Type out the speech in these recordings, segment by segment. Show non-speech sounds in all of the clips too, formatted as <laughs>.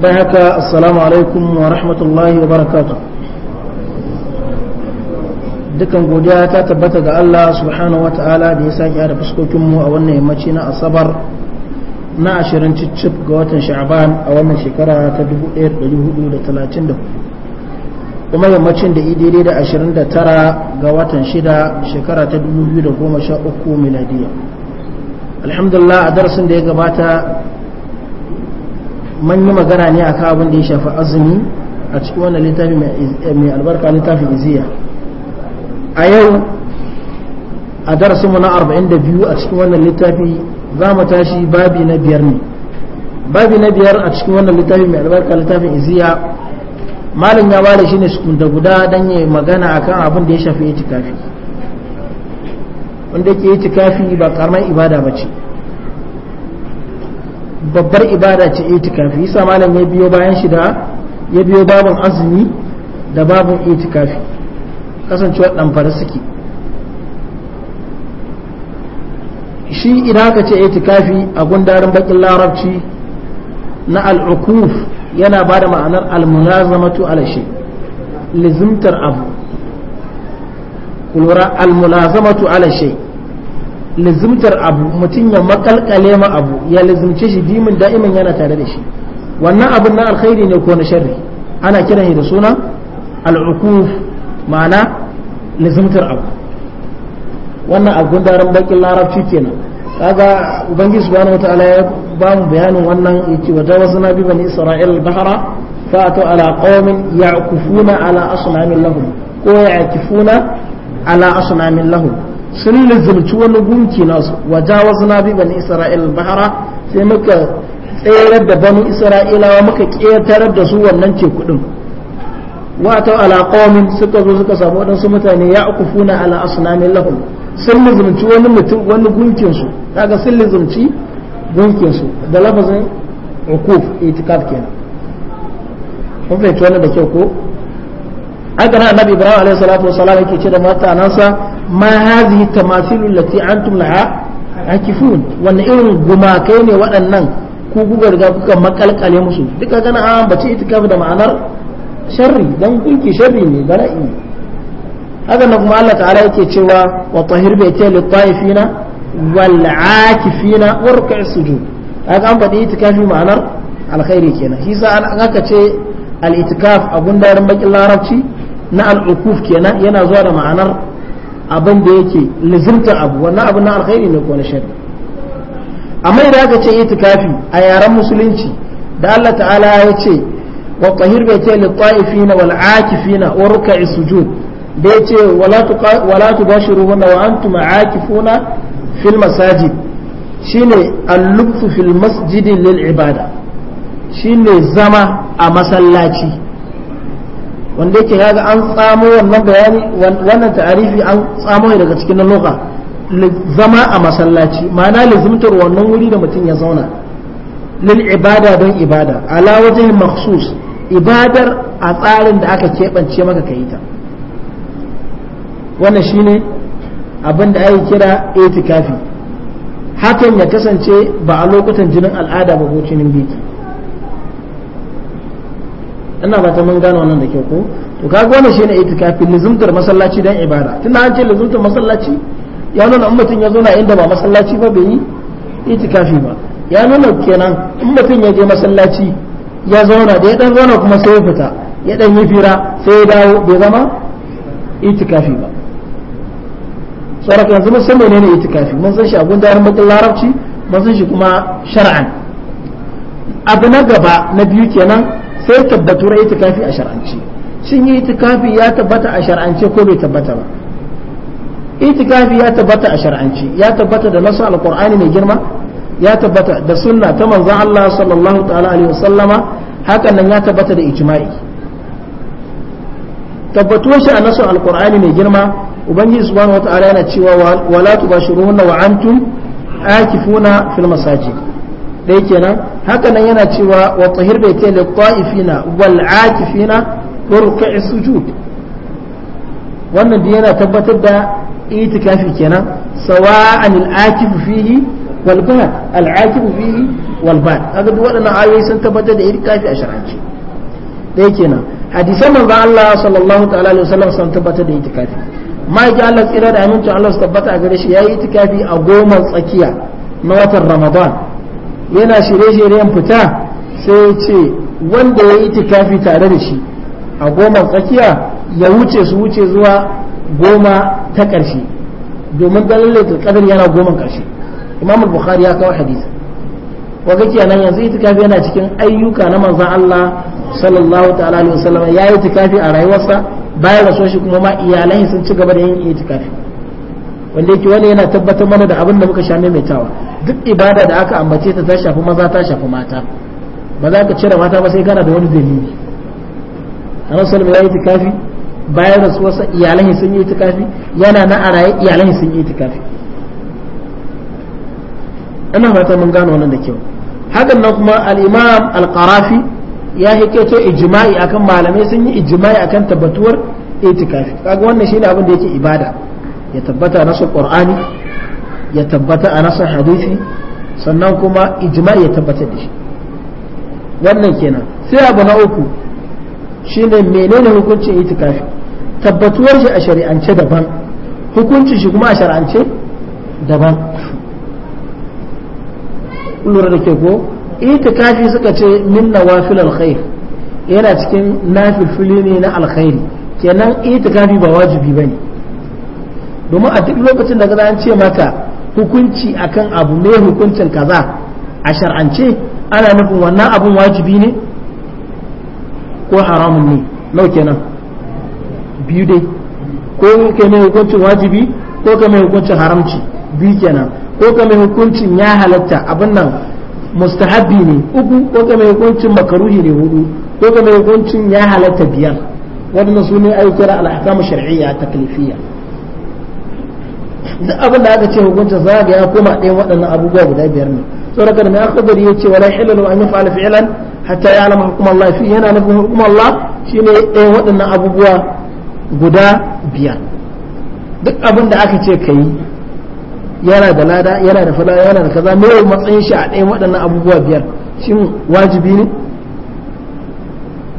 bai haka assalamu alaikum wa rahmatullahi wa barakatu dukan godiya ta tabbata ga Allah subhanahu wa ta'ala da ya sake da fuskokinmu a wannan yammaci na asabar na ashirin cicif ga watan sha'ban a wannan shekara ta 1434 kuma yammacin da idiri da 29 ga watan shida shekara ta 2013 miladiya alhamdulillah a darasin da ya gabata man yi magana ne a abin da ya shafi azumi a cikin wannan littafi mai albarka littafin iziya a yau a darasinmu na 42 a cikin wannan littafi za mu tashi babi na biyar ne babi na biyar a cikin wannan littafi mai albarka littafin iziya malin ya ware shi ne da guda don yi magana akan abin da ya shafi itikafi wanda ke itikafi ba karamar ibada ba ce babbar ibada ce itikafi yasa malam ya biyo bayan shi da ya biyo babun azumi da babun itikafi kasancewar fara suke shi idan aka ce itikafi a gundarin bakin larabci na al'ukuf yana ba da ma'anar almulazamatu ala shi lizimtar abu kulura almulazamatu ala shi lizimtar abu mutum ya makalkale ma abu ya lazimce shi dimin da'iman yana tare da shi wannan abin na alkhairi ne ko na sharri ana kiran shi da suna al'ukuf ma'ana lizimtar abu wannan da ran bakin larabci kenan kaga ubangiji subhanahu wataala ya ba mu bayanin wannan yace wa jawazna bi bani isra'il bahra fa'atu ala qaumin ya'kufuna ala asnamin lahum ko ala asnamin lahum sun lizumci wani gunki nasu wajawazna bi bani isra'il bahara sai muka tsayar da bani isra'ilawa muka ƙetare da su wannan teku din wato ala qaumin suka zo suka samu wadansu mutane ya akufuna ala asnamin lahum sun lizumci wani mutum wani gunkin su daga sun lizumci gunkin su da lafazin ukuf itikaf kenan kun fahimci wannan da kyau ko haka nan annabi ibrahim alaihi salatu wasalam yake ce da mutanansa ma hadhihi tamathilu allati antum laha akifun wannan irin gumakai ne waɗannan ku kuka riga kuka makalkale musu duka gana an bace itikafi da ma'anar sharri dan gunki sharri ne bala'i ne haka nan kuma Allah ta'ala yake cewa wa tahir baiti lit ta'ifina wal akifina wa ruk'is sujud haka an bace itikafi ma'anar alkhairi kenan shi sa an aka ce al itikaf abun da ran bakin larabci na al'ukuf kenan yana zuwa da ma'anar abin da yake lizimta abu wannan abu na alkhairi ne ko na shari amma idan aka ce itikafi a yaren musulunci da Allah ta'ala ya ce wa tahir bai ce lit wal akifina wa ruk'i sujud da yace wala tu wala tubashiruhunna wa antum akifuna fil masajid shine al-lubtu fil masjid lil ibada shine zama a masallaci wanda yake ga an tsamo wannan bayani wannan ta'arifi an tsamo daga cikin lugha zama a masallaci ma'ana lizimtar wannan wuri da mutum ya zauna lil ibada don ibada ala wajen maksus ibadar a tsarin da aka keɓance maka ka yi ta wannan shine abin da ake kira itikafi hakan ya kasance ba a lokutan jinin al'ada ba ko jinin biki ina ba ta mun gane wannan da kyau ko to kaga wannan shine itikafi lizumtar masallaci dan ibada tun an ce lizumtar masallaci ya nuna in mutum ya zo na inda ba masallaci ba bai yi itikafi ba ya nuna kenan in mutum ya je masallaci ya zauna da ya dan zauna kuma sai ya fita ya dan yi fira sai ya dawo bai zama itikafi ba sauraka yanzu mun san menene itikafi mun san shi a gundarin bakin larabci mun san shi kuma shar'an abu na gaba na biyu kenan akwai tabbatu na itikafi a shar'ance shin yi itikafi ya tabbata a shar'ance ko bai tabbata ba itikafi ya tabbata a shar'ance ya tabbata da nasu alqur'ani mai girma ya tabbata da sunna ta manzon Allah sallallahu ta'ala alaihi wasallama hakan nan ya tabbata da ijma'i tabbatuwar shi a nasu alqur'ani mai girma ubangiji subhanahu wa ta'ala yana cewa wala tubashiruhunna wa antum akifuna fil masajid ɗaya kenan haka nan yana cewa wa tahir bai ta li qa'ifina wal akifina wa ruku'i sujud wannan da yana tabbatar da itikafi kenan sawa'an al akifu fihi wal ba'd al akifu fihi wal ba'd kaga duk waɗannan ayoyi sun tabbatar da itikafi a shar'anci ɗaya kenan hadisan manzo Allah sallallahu ta'ala alaihi wasallam sun tabbatar da itikafi ma'aikin Allah tsira da amincin Allah su tabbata a gare shi yayi itikafi a goma tsakiya na watan Ramadan yana shirye-shiryen fita sai ya ce wanda ya yi tikafi tare da shi a goma tsakiya ya wuce su wuce zuwa goma ta ƙarshe domin dalilin ƙadar yana goma ƙarshe imam bukhari ya kawo hadisi wa kake nan yanzu itikafi yana cikin ayyuka na manzon Allah sallallahu ta'ala alaihi wasallam ya yi itikafi a rayuwarsa bayan rasuwa shi kuma ma iyalai sun ci gaba da yin itikafi wanda yake wani yana tabbatar mana da abin da muka sha maimaitawa duk ibada da aka ambace ta ta shafi maza ta shafi mata ba za ka cire mata ba sai kana da wani dalili annabi sallallahu alaihi wasallam kafi bayan rasuwarsa iyalan sun yi itikafi yana na araye iyalan sun yi itikafi ina fata mun gano wannan da kyau hakan nan kuma al-imam al-qarafi ya to ijma'i akan malamai sun yi ijma'i akan tabbatuwar itikafi kaga wannan shine abin da yake ibada ya tabbata a nasu qur'ani ya tabbata a nasu hadisi sannan kuma ijma'i ya tabbata da shi wannan kenan sai abu na uku shine menene hukuncin itikafi tabbatuwar shi a shari'ance daban hukuncin shi kuma a shari'ance daban lura da ke ko itikafi suka ce min na nawafil alkhair yana cikin nafil fili ne na alkhairi kenan itikafi ba wajibi ba ne. domin a duk lokacin da kaza an ce maka hukunci akan abu mai hukuncin kaza a shar'ance ana nufin wannan abun wajibi ne ko haramun ne nau kenan biyu dai ko ka mai hukuncin wajibi ko ka mai hukuncin haramci biyu kenan ko ka mai hukuncin ya halatta abin nan mustahabbi ne uku ko ka mai hukuncin makaruhi ne hudu ko ka mai hukuncin ya halatta biyar waɗannan su ne ayyukan al'akamu shar'iyya taklifiyya duk abin da aka ce hukuncin za ga ya koma ɗayan waɗannan abubuwa guda biyar ne da kada mai akhbari ya ce wala hilalu an yi fa'ala fi'ilan hatta ya'lama hukum Allah fi yana nufin hukum Allah shine ɗayan waɗannan abubuwa guda biyar duk abin da aka ce yi yana da lada yana da fada yana da kaza mai matsayin shi a ɗayan waɗannan abubuwa biyar shin wajibi ne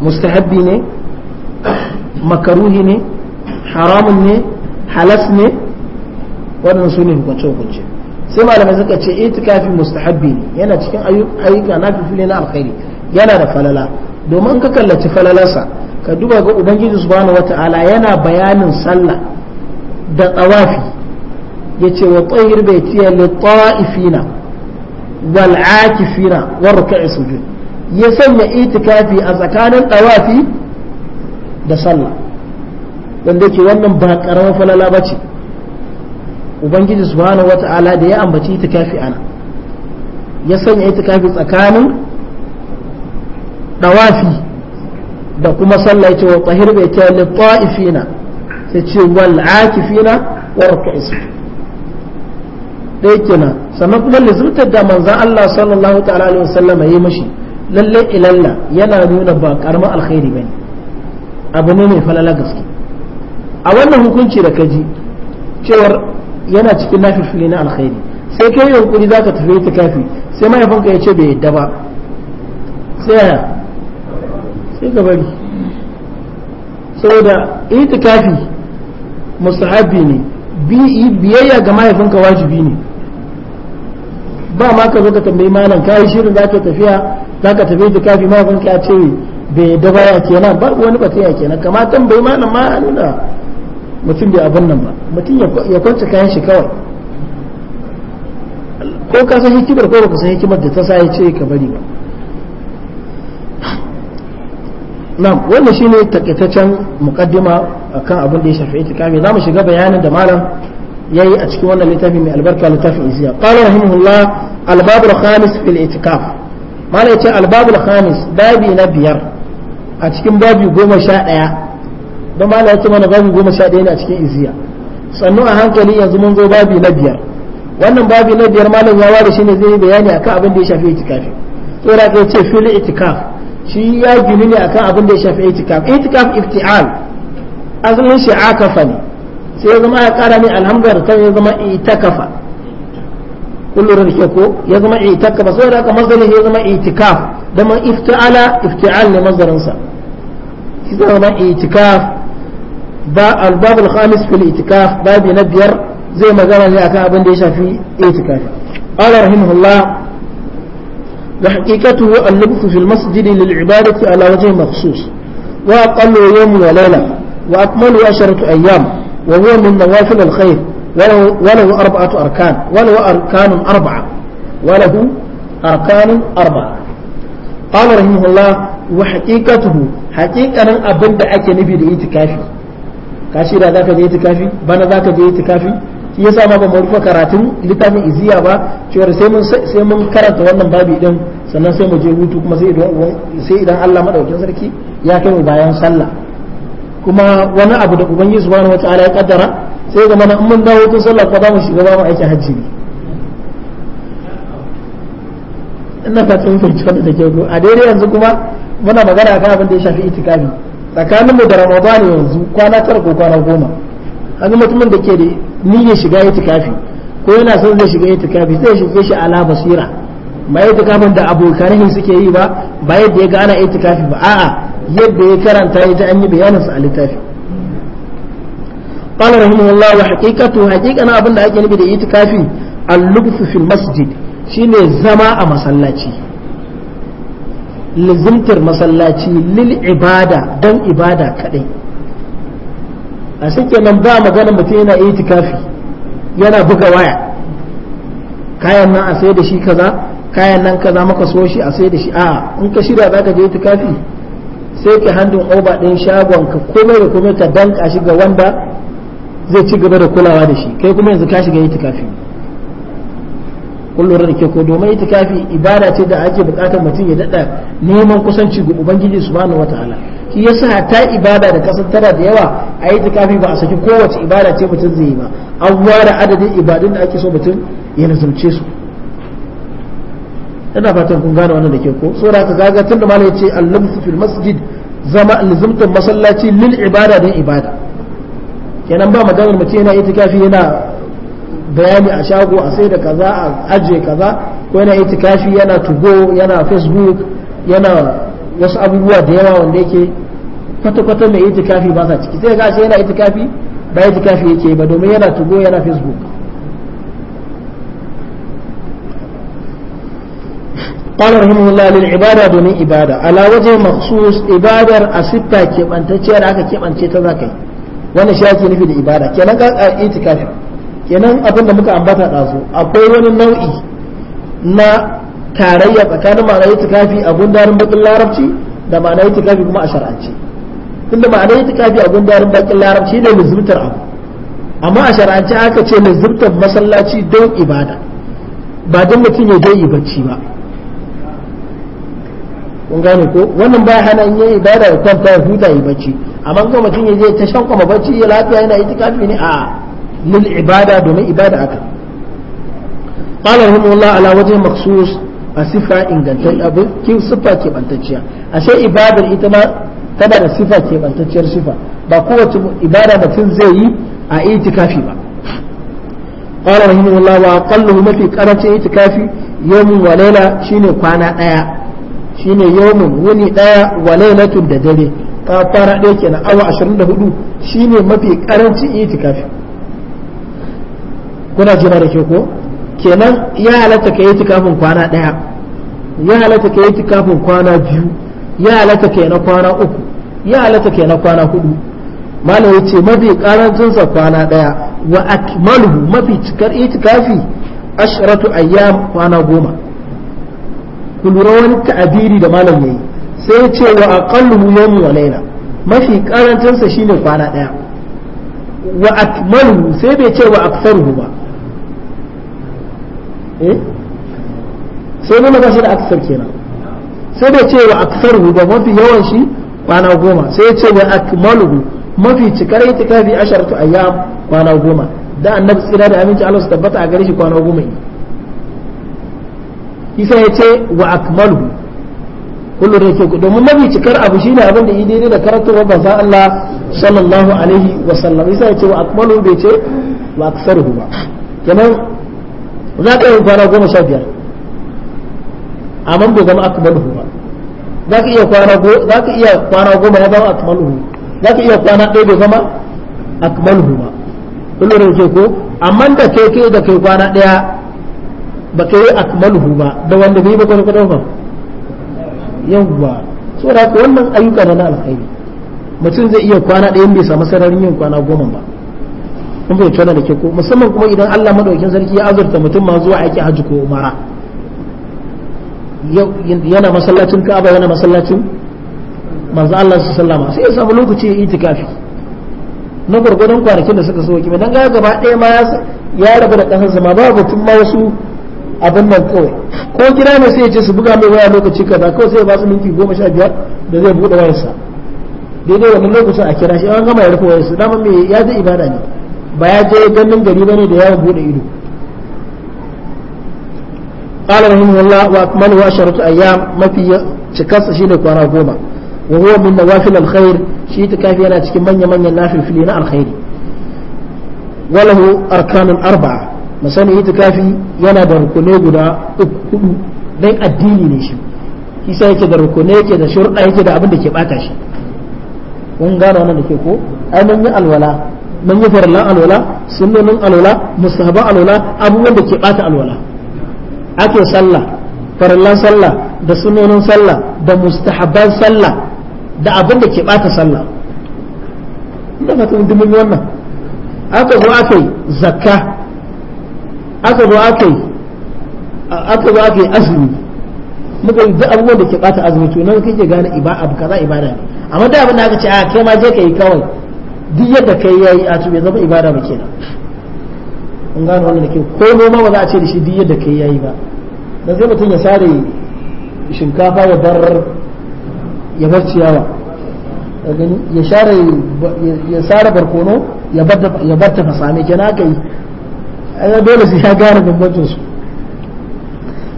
mustahabbi ne makaruhi ne haramun ne halas ne wannan su ne hukunce hukunce sai malamai suka ce itikafi mustahabbi ne yana cikin ayyuka na fifile na alkhairi yana da falala domin ka kallaci falalarsa ka duba ga ubangiji subhanahu wata'ala yana bayanin sallah da tsawafi yace wa tsayir bai tiya li ta'ifina wal akifina wa ruk'i sujud ya sanya itikafi a tsakanin tsawafi da sallah wanda yake wannan ba karamar falala bace ubangiji subhanahu wata'ala da ya ambaci itikafi ana ya sanya itikafi tsakanin dawafi da kuma sallah ce wa tahir bai ta li ta'ifina sai ce wal akifina wa rak'is dai kenan sannan kuma da manzon Allah sallallahu ta'ala alaihi wasallam yayi mashi lalle ilalla yana nuna ba karamin alkhairi bane abu ne mai falala gaske a wannan hukunci da kaji cewar yana cikin nafi na alkhairi sai kai yunkuri za ka tafi kafi sai mahaifinka ya ce bai yadda ba sai ya sai ka bari saboda itikafi musahabi ne biyayya ga mahaifinka wajibi ne ba ma ka zo ka tambayi malam kayi shirin za ka tafiya za ka tafi kafi mahaifinka ya ce bai yadda ba ya kenan ba wani ba batun ya kenan kamar tambayi malam ma nuna mutum bai abin nan ba mutum ya kwanta kayan shi kawai ko ka san hikimar ko baka san hikimar da ta sa ya ce ka bari ba na wannan shine takaitaccen mukaddima akan abin da ya shafi itikafi zamu shiga bayanin da malam yayi a cikin wannan littafi mai albarka littafin iziya qala rahimahullah al-bab al-khamis fil itikaf malam yace al-bab al-khamis babi na biyar a cikin babi goma sha ɗaya don ma ya ce mana babi goma sha ɗaya ne a cikin iziya sannu a hankali yanzu mun zo babi na biyar wannan babi na biyar malam ya ware shi ne zai yi bayani akan abin da ya shafi itikafi tsora ka ce fil itikaf shi ya gini ne akan abin da ya shafi itikaf itikaf ifti'al asalin shi akafa ne sai ya zama ya kara ne alhamdulillah ta ya zama itakafa kullum da ke ko ya zama itakafa saboda haka mazarin ya zama itikaf da man ifti'ala ifti'al ne mazarinsa shi zama itikaf ba albabul khamis fil itikaf babi na biyar zai magana ne akan abin da ya shafi itikafi qala rahimahullah وحقيقته اللبث في المسجد للعبادة على وجه مخصوص وأقل يوم وليلة وأكمل عشرة أيام وهو من نوافل الخير وله, وله أربعة أركان وله أركان أربعة وله أركان أربعة قال رحمه الله وحقيقته حقيقة أبدا أكي نبي لإتكافي ka shirya za ka je itikafi bana za ka je itikafi shi yasa ma ba mu rufe karatun littafin iziya ba cewa sai mun sai mun karanta wannan babi din sannan sai mu je hutu kuma sai idan sai idan Allah madaukakin sarki ya kai mu bayan sallah kuma wani abu da ubangiji subhanahu wataala ya kaddara sai ga mana in mun dawo hutun sallah ko za mu shiga ba mu aikin hajji ne ina fatan fahimci wannan da ke a daidai yanzu kuma muna magana kan abin da ya shafi itikafi tsakanin mu da ramadan yanzu kwana tara ko kwana goma kaga mutumin da ke da niyyar shiga itikafi ko yana son zai shiga itikafi sai shige shi ala basira ba itikafin da abokanin suke yi ba ba yadda ya gana itikafi ba a'a yadda ya karanta ita an yi bayanin sa a littafi قال رحمه الله وحقيقته حقيقة أبن na أجنبي da itikafi اللبث في المسجد shine zama a masallaci Lizimtar masallaci lil ibada don ibada kadai a suke nan ba magana mutum yana itikafi yana buga waya kayan nan a sai da shi kaza kayan nan kaza maka so shi a sai da shi a in ka shirya za zaka je itikafi sai ka handin oba din shagon ka komai da komai ka danka shi ga wanda zai ci gaba da kulawa da shi kai kuma yanzu ka shiga itikafi kun lura da ke ko domin itikafi ibada ce da ake bukatar mutum ya daɗa neman kusanci ga ubangiji subhanahu wataala shi yasa ta ibada da tara da yawa a kafi ba a saki kowace ibada ce mutum zai yi ba an ware adadin ibadun da ake so mutum ya nazarce su ina fatan kun gane wannan da ke ko ka ga tunda malai ya ce al fil masjid zama lizumtan masallaci lil ibada don ibada kenan ba maganar mutum yana itikafi yana bayani a shago a sai da kaza a aje kaza ko yana itikafi yana tugo yana facebook yana wasu abubuwa da yawa wanda yake kwata-kwata mai itikafi ba sa ciki sai ga shi yana itikafi ba itikafi yake ba domin yana tugo yana facebook قال رحمه الله للعبادة دون إبادة على وجه مخصوص إبادة أستة كيف أنت تشير عكا كيف أنت تذاكي وانا شاكي نفيد إبادة كي نقا إيتكافي kenan abin da muka ambata ɗazu akwai wani nau'i na tarayya tsakanin ma'ana tukafi a gundarin bakin larabci da ma'ana tukafi kuma a shar'ance tunda ma'ana tukafi a gundarin bakin larabci ne lizubtar abu amma a shar'ance aka ce lizubtar masallaci don ibada ba don mutum ya je bacci ba kun gane ko wannan baya hana in yi ibada ya kwanta ya huta ya bacci amma kuma mutum ya je ta shan kwama bacci ya lafiya yana tukafi ne a'a lil ibada domin ibada aka qala rahimahullah ala wajhi makhsus a sifa ingantar abu kin sifa ke bantacciya ashe ibadar ita ma tana da sifa ke bantacciyar sifa ba kowace ibada mutum zai yi a itikafi ba qala rahimahullah wa aqalluhu mafi karancin itikafi yawmun wa laila shine kwana daya shine yawmun wuni daya wa lailatun da dare ka fara ɗaya kenan awa 24 shine mafi karancin kuna jima da ke ko kenan ya halatta ka yi tikafin kwana ɗaya ya halatta ka yi tikafin kwana biyu ya halatta ka yi na kwana uku ya halatta ka yi na kwana hudu malam ce mafi sa kwana ɗaya wa akmaluhu mafi cikar itikafi ashratu ayyam kwana goma ku lura wani ta'abiri da malam yayi sai ce wa aqalluhu yawm wa layla mafi shi shine kwana ɗaya wa akmaluhu sai bai ce wa kusan ba Eh? sai nuna ba shi da aksar kenan sai da ce wa hu ba mafi yawan shi kwana goma sai ya ce wa akmaluhu mafi cikar itikafi asharatu ayyam kwana goma da annabi tsira da aminci Allah su tabbata a gare shi kwana goma ne isa ya ce wa akmaluhu kullu da yake domin mafi cikar abu ne abin da yi daidai da karatu wa banza Allah sallallahu alaihi wa sallam isa ya ce wa akmaluhu bai ce wa hu ba kenan za ka yi kwana goma sha biyar amma bai zama akmaluhu ba za ka iya kwana za ka iya kwana goma ya zama akmaluhu za ka iya kwana ɗaya bai zama akmaluhu ba kullum ke ko amma da kai kai da kai kwana ɗaya ba kai akmaluhu ba da wanda bai ba kwata ba yawwa saboda haka wannan ayyuka na alkhairi mutum zai iya kwana ɗaya bai samu sararin yin kwana goma ba kun fahimci tona da ke ko musamman kuma idan Allah madaukakin sarki ya azurta mutum ma zuwa aiki hajji ko umara yana masallacin Ka'aba yana masallacin manzo Allah sallama sai ya samu lokaci ya itikafi na gurgurdan kwanakin da suka soki dan ga gaba ɗaya ma ya rabu da kansa ma ba batun ma wasu abin nan kawai ko kira ne sai ya ce su buga mai waya lokaci kaza kawai sai ya ba su minti goma sha biyar da zai buɗe wayarsa daidai wannan lokacin a kira shi an gama ya rufe wayarsa dama me ya je ibada ne ba ya je ganin gari bane da yawon bude ido قال رحمه الله وأكمله عشرة أيام ما في تكسر شيء كوانا goma وهو من نوافل الخير شيء تكافي أنا تكي من يمن ينافل في لنا الخير وله أركان أربعة مثلا يتكافي ينا بركوني قدا أكدو دين الديني نشي kisa yake da rukune yake da shurɗa yake da abin da ke bata shi kun gano wannan da ke ko ai mun yi alwala man yi farallan alwala sunnonin alwala mustahaban alwala abubuwan da ke bata alwala ake sallah farallan sallah da sunnonin sallah da mustahaban sallah da abin da ke sallah ina fata mun dumin wannan aka zo aka yi zakka aka zo aka yi aka zo azumi muka yi duk abubuwan da ke bata azumi to nan kake gane ibada abu kaza ibada ne amma da abin da aka ce a kai ma je ka yi kawai duk yadda kai yayi a bai zama ibada ba kenan in gano wannan da ke ko noma ba za a ce da shi duk yadda kai yayi ba dan sai mutum ya sare shinkafa ya bar ya bar ciyawa gani ya share ya sare barkono ya bar ya bar ta fasame kenan aka yi ai dole sai ya gane bambancin su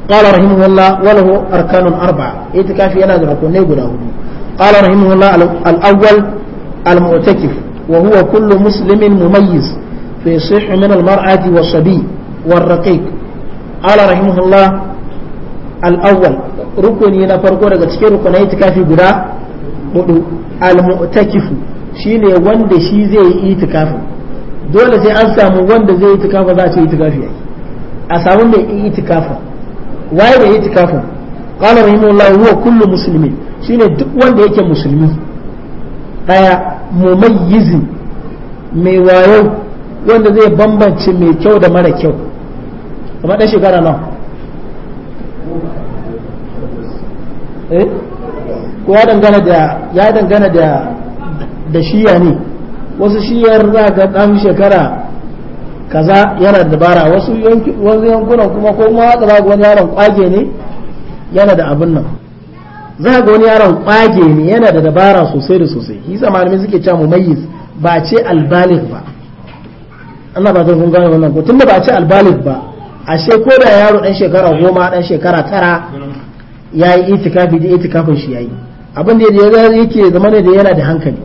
قال رحمه الله وله أركان أربعة إتكافي أنا ذكر قال رحمه الله الأول المعتكف وهو كل مسلم مميز فيصح من المرأة والصبي والرقيق قال رحمه الله الأول ركن ينفرقون تكير ركن اعتكافي قدا المؤتكف shine wanda shi zai yi itikafi dole sai an samu wanda zai yi itikafa za a ce itikafi yake a samu mai yi itikafa waye mai itikafin qala rahimahullah huwa shine duk wanda yake musulmi ɗaya. mumayyizin mai wayo wanda zai bambance mai kyau da mara kyau kamar ɗan shekara nan eh ya dangana da ya dangana da da shiya ne wasu shiyar za ga ɗan shekara kaza yana dabara wasu yankunan kuma ko ma za ga wani yaron kwage ne yana da abin nan za ga wani yaron kwage ne yana da dabara sosai da sosai yasa malamai suke cewa mayis ba ce albalig ba ana ba zan gane wannan ko tunda ba ce albalig ba ashe ko da yaro dan shekara goma dan shekara tara ya yi itikafi da itikafin shi ya yi abin da yake zama ne da yana da hankali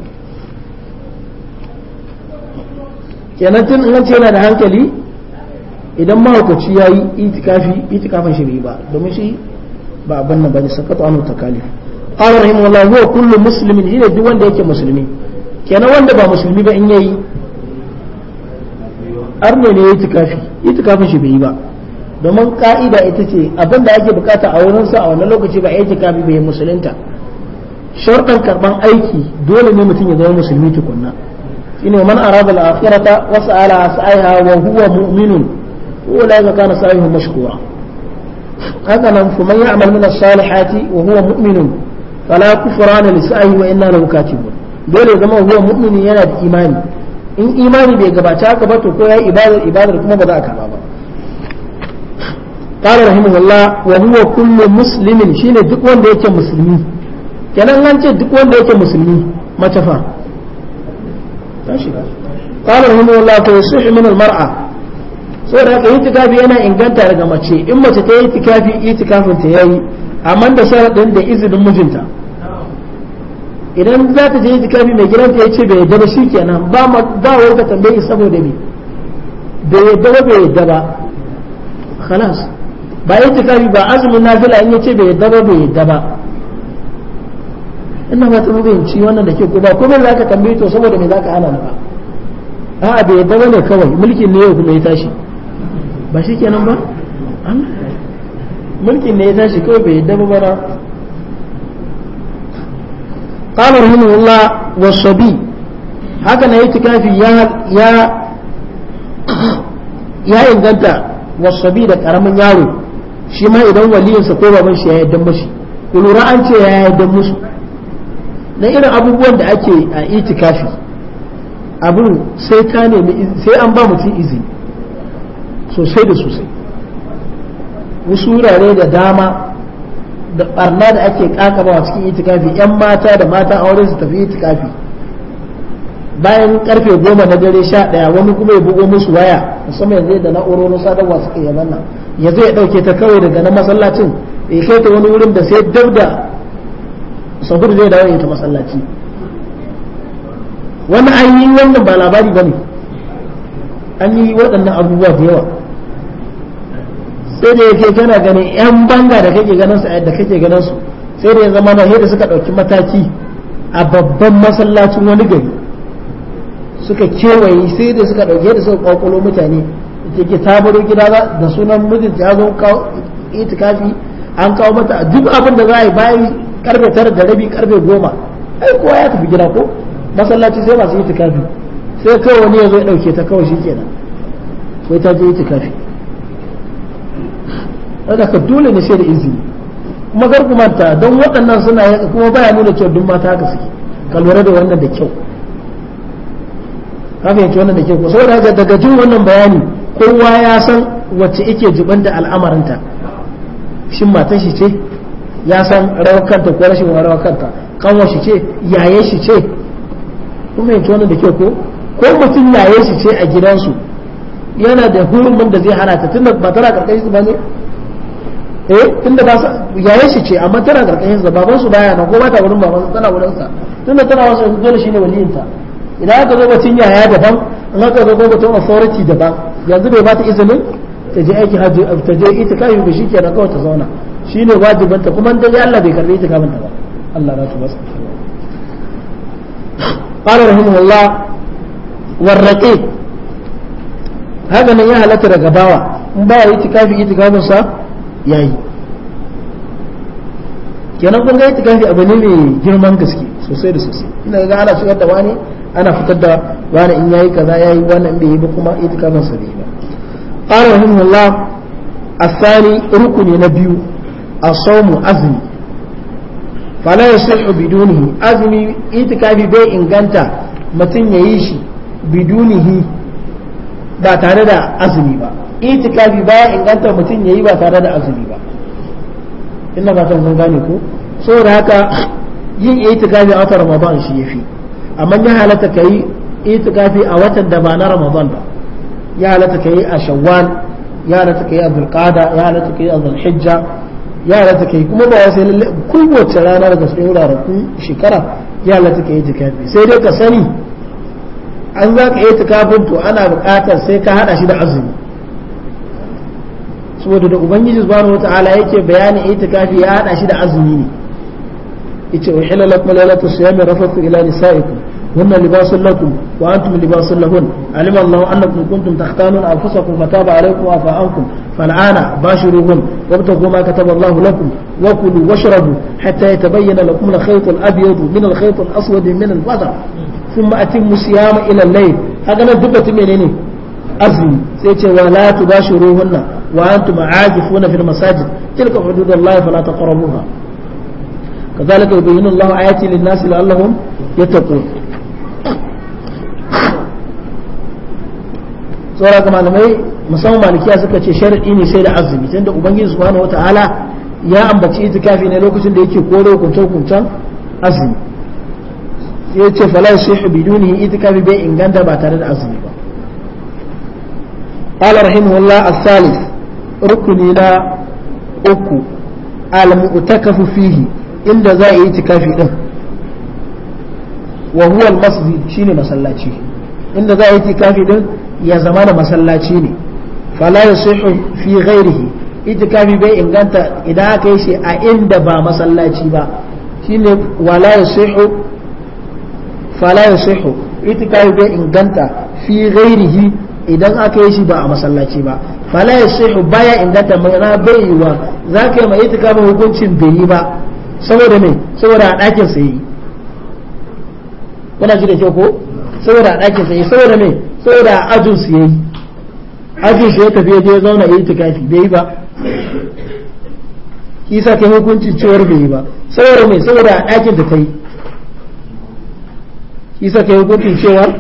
kenan tun in ce yana da hankali idan mahaukaci ya yi itikafi itikafin shi ba domin shi ba abin nan bane sakatu anhu takalif qala rahimahullah huwa kullu muslimin shine duk wanda yake musulmi kenan wanda ba musulmi ba in yayi arne ne yayi tikafi yi shi bai yi ba domin ka'ida ita ce abin da ake bukata a wurin sa a wannan lokaci ba yayi tikafi bai musulunta shartan karban aiki dole ne mutum ya zama musulmi tukunna shine man arada al-akhirata wa sa'ala sa'aiha wa huwa mu'minun ulaika kana sa'ihum mashkura haka nan kuma ya amal min salihati wa huwa ala fala kufrana li sa'i wa inna lahu katibun dole zama huwa mu'minin yana da imani in imani bai gabata haka ba to ko yayi ibadar ibadar kuma ba za a karba ba قال رحمه الله وهو كل مسلم شين duk wanda yake musulmi kenan an ce duk wanda yake musulmi matafa قال رحمه الله فيصح من المرأة saboda haka itikafi yana inganta daga mace in mace ta yi itikafi itikafin ta yayi amma da sharadin da izinin mijinta idan za ta je itikafi mai gidan ya ce bai yadda ba kenan ba ma ba wai ka tambaye saboda me bai yadda ba bai yadda ba khalas ba itikafi ba azumin nafila in yace ce bai yadda ba bai yadda ba ina ba ta ci wannan da ke ko ba kuma za ka tambaye to saboda me za ka hana ba a'a bai yadda ne kawai mulkin ne yau kuma ya tashi ba shi kenan ba mulkin ne ya tashi kawai bai yadda bara قال رحمه الله والصبي هكذا yi يا يا ya inganta wasabi da karamin yaro shi ma idan waliyinsa ko baban shi ya yadda mashi ku lura an ce ya yadda musu na irin abubuwan da ake a itikafi abin sai ka nemi sai an ba mutum izini sosai da sosai wasu wurare da dama da barna da ake kakabawa cikin itikafi yan mata da mata auren su tafi itikafi bayan karfe goma na dare sha daya wani kuma ya bugo musu waya musamman yanzu da na'urorin sadarwa suka yi nan ya zai ɗauke ta kawai daga na masallacin ya kai ta wani wurin da sai dab da sahur zai dawo ya ta masallaci wani an yi wannan ba labari ba ne an yi waɗannan abubuwa da yawa sai da yake kana ganin yan banga da kake ganin su da kake ganin su sai da ya zama na da suka dauki mataki a babban masallacin wani gari suka kewaye sai da suka dauke da suka kwakwalo mutane ta tabaro gida da sunan mijin ya zo itikafi an kawo mata duk abin da za a yi bayan karfe tara da rabi karfe goma ai kowa ya tafi gida ko masallaci sai masu itikafi sai kawai wani ya zo ya ɗauke ta kawai shi kenan wai ta je itikafi daga ka dole ne sai da izini kuma kar ku manta don waɗannan suna kuma baya nuna cewa duk mata haka suke ka lura da wannan da kyau ka fahimci wannan da kyau saboda haka daga jin wannan bayani kowa ya san wacce ike jiban da al'amarinta shin matan shi ce ya san rawar kanta ko rashin rawar kanta kanwa shi ce yaye shi ce kun fahimci wannan da kyau ko ko mutum yaye shi ce a gidansu yana da hurumin da zai hana ta tunda ba tana karkashin ba ne eh tunda ba sa yayin shi ce amma tana karkashin sa baban su baya na ko ba ta wurin baban tana wurin sa tunda tana wasu dole shine waliyin ta idan aka zo batun yaya daban in aka zo batun authority daban yanzu bai ba ta izinin ta je aiki hajji ta je itikafi ba da kawai ta zauna shine wajiban ta kuma dan Allah bai karbe itikafin ta ba Allah ba ta basa قال رحمه الله والرقيب هذا من يهلك رقباوة من باع يتكافي يتكافي صح yayi kenan kun ga itikafi abu ne mai girman gaske sosai da sosai ina ga ana shigar da wani ana fitar da wani in yayi kaza yayi wannan bai yi ba kuma ita itikafin sa bai ba qala rahimahullah الثاني ركن نبي الصوم أزمي فلا يصح بدونه أزمي إتكافي bai inganta كانت yayi shi bidunihi ba tare da azumi ba itikafi baya inganta mutum ya yi ba tare da azumi ba ina ba san gane ko saboda haka yin itikafi a watan ramadan shi ya yafi amma ya halatta kai itikafi a watan da ba na ramadan ba ya halatta yi a shawwal ya halatta yi a zulqada ya halatta yi a zulhijja ya halatta yi kuma ba ya sai lalle kowace rana daga cikin ranakun shekara ya halatta kai itikafi sai dai ka sani an za ka yi itikafin to ana buƙatar sai ka hada shi da azumi saboda da ubangiji subhanahu wataala yake bayanin itikafi ya hada shi da azumi ne yace wa hilala qalalatu siyami rafatu ila nisaikum hunna libasun lakum wa antum libasun lahun alima allahu annakum kuntum takhtanun anfusakum fataba alaykum wa fa ankum fal'ana bashiruhum wabtagu ma kataba allahu lakum wa kulu washrabu hatta yatabayyana lakum alkhayt alabyad min alkhayt alaswad min albadr thumma atimmu siyama ila al-layl hakan dubbati menene azumi sai ce wa ruhun tubashiruhunna وأنتم عاكفون في المساجد تلك حدود الله فلا تقربوها كذلك يبين الله آياته للناس لعلهم يتقون saura ga malamai musamman malikiya suka ce shar'i ne sai da azumi tun da ubangiji subhanahu wataala ya ambaci itikafi ne lokacin da yake kore hukunce hukuncen azumi ya ce falai shehu biduni itikafi bai inganta ba tare da azumi ba qala rahimahullah as-salis rukuni na uku al-mu'takafu fihi inda za a yi tikafi din wa huwa al-masjid shine masallaci inda za a yi tikafi din ya zama da masallaci ne fala yasihu fi ghairihi itikafi bai inganta idan aka yi shi a inda ba masallaci ba shine wala yasihu fala yasihu itikafi bai inganta fi ghairihi idan aka yi shi ba a masallaci ba fala ya shehu baya inganta mana bai wa za ka yi mai itika ba hukuncin bai yi ba saboda me saboda a ɗakin sa yi kuna shi da kyau ko saboda a ɗakin sa yi saboda me saboda a ajin su yi ajin su ya tafi ya je ya zauna yi itikafi bai yi ba kisa ta hukuncin cewar bai yi ba saboda me saboda a ɗakin da ta yi isa ta hukuncin cewar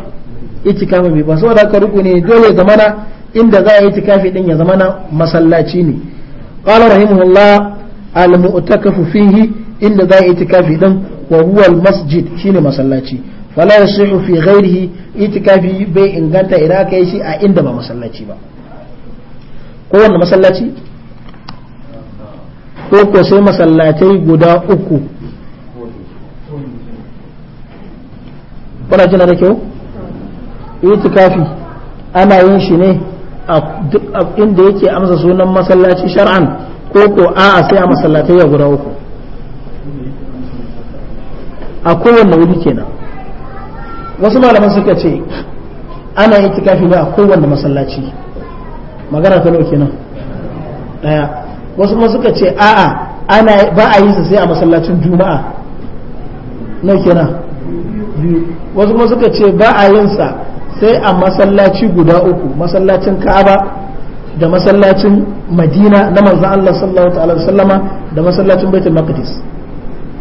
itikafi bai ba saboda haka ne dole zamana inda za a yi itikafi din ya zamana masallaci ne qala rahimahullah al mu'takafu fihi inda za a yi itikafi din wa huwa al masjid shine masallaci fala yasihu fi ghairihi itikafi bai inganta idan yi shi a inda ba masallaci ba kowanne masallaci ko ko sai masallatai guda uku kuna jina da kyau itikafi ana yin shi ne a duk inda yake amsa sunan masallaci shar'an ko ko a'a sai a masallatai ya guda uku a kowanne wuri kenan wasu malaman suka ce ana itikafi ne a kowanne masallaci magana ta nawa kenan daya wasu ma suka ce a'a ana ba a yi sa sai a masallacin juma'a nawa kenan wasu ma suka ce ba a yin sa sai a masallaci guda uku masallacin ka'aba da masallacin madina na manzan Allah sallallahu ta'ala sallama da masallacin baitul maqdis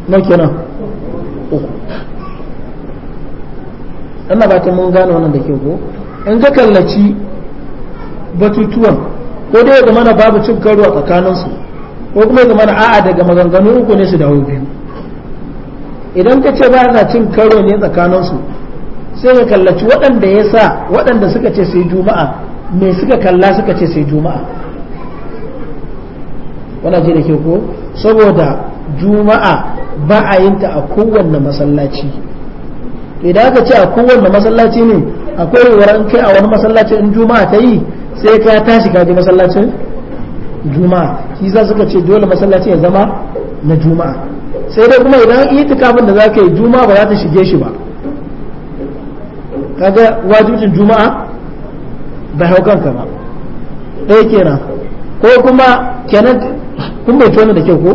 Nan kenan uku ina ba ta mun gane wannan da ke ko in ka kallaci batutuwan ko dai ga mana babu cin karo a tsakaninsu ko kuma ga mana a'a daga maganganu uku ne su dawo biyu idan ka ce ba na cin karo ne tsakaninsu sai ka kallaci waɗanda ya sa waɗanda suka ce sai juma'a mai suka kalla suka ce sai juma'a wana ce da ke ko saboda juma'a ba a yin ta a kowanne masallaci idan aka ce a kowanne masallaci ne akwai yiwuwar kai a wani masallaci in juma'a ta yi sai ka tashi ka je masallacin juma'a shi za suka ce dole masallaci ya zama na juma'a sai dai kuma idan itikafin da za ka yi juma'a ba za ta shige shi ba kaga wajibcin juma'a ba hau kanka ba ɗaya kenan ko kuma kenan kun bai tona da kyau ko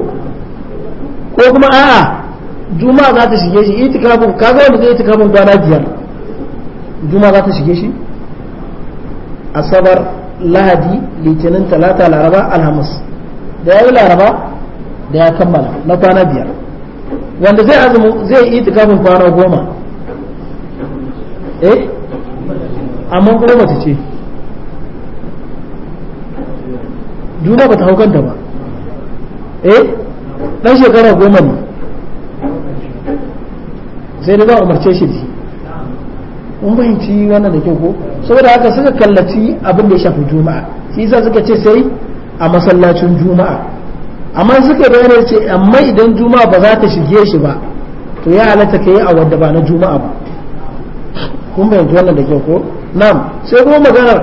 ko kuma a'a juma'a za ta shige shi itikafin kaga wanda zai itikafin kwana biyar juma'a za ta shige shi asabar lahadi litinin talata laraba alhamis da ya yi laraba da ya kammala na kwana biyar wanda zai azumi zai yi itikafin kwana goma eh amma kuma mace ce juna ba ta hau kanta ba eh dan shekara goma ne sai da za a umarce shi da shi in bayanci wannan da kyau ko saboda haka suka kallaci abin da ya shafi juma'a shi yasa suka ce sai a masallacin juma'a amma suka yana ce amma idan juma'a ba za ta shige shi ba to ya halatta ka yi a wanda ba na juma'a ba kun bayanci wannan da ke ko na'am sai kuma maganar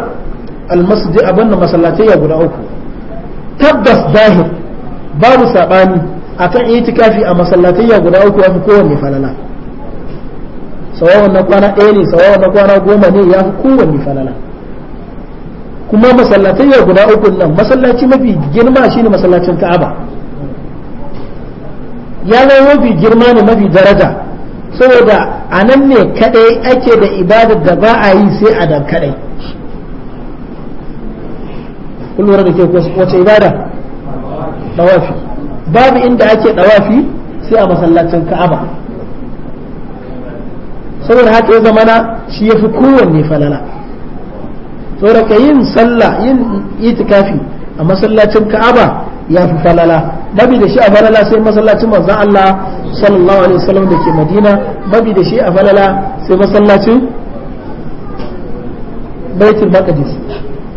almasjid abin da masallatai ya guda uku tabbas zahir babu sabani akan itikafi a masallatai ya guda uku yafi kowanne falala sawawan na kwana ɗaya ne sawawan na kwana goma ne ya fi kowanne falala kuma masallatai ya guda uku nan masallaci mafi girma shine masallacin ka'aba ya zama mafi girma ne mafi daraja saboda a nan ne kadai ake da ibadar da ba a yi sai a dan kadai kullum da ke wace ibada dawafi babu inda ake dawafi sai a masallacin ka'aba saboda haka ya zamana shi ya fi kowanne falala saboda ka yin sallah yin itikafi a masallacin ka'aba ya fi falala babu da shi a falala sai masallacin manzon Allah sallallahu alaihi wasallam da ke madina babi da shi a falala sai masallacin baitul maqdis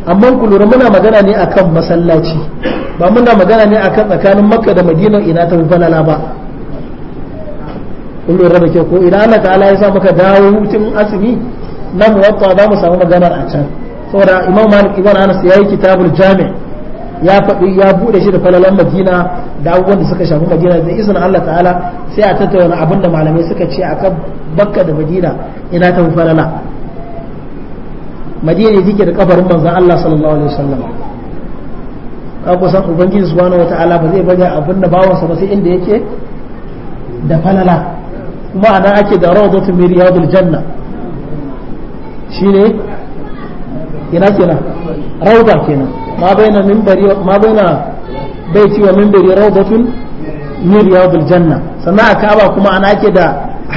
amma ku lura muna magana ne akan masallaci ba muna magana ne akan tsakanin makka da madina ina ta falala ba kun lura da ke ko ina Allah ta'ala ya sa muka dawo hutun asimi na muwatta za mu samu maganar a can saboda imam malik ibn anas yayi kitabul jami' ya faɗi ya buɗe shi da falalan madina da abubuwan da suka shafi madina da izinin Allah ta'ala sai a tattauna abin da malamai suka ce a kan bakka da madina ina ta falala madina ne da kafarin manzon Allah sallallahu alaihi wasallam ka kusan ubangiji subhanahu ta'ala ba zai baje abin da bawansa ba sai inda yake da falala kuma ana ake da rawdatu min riyadul janna shine ina kenan rauda kenan ma bai minbari ma baina baiti wa minbari rawdatun min riyadil janna sannan a ka'aba kuma ana ake da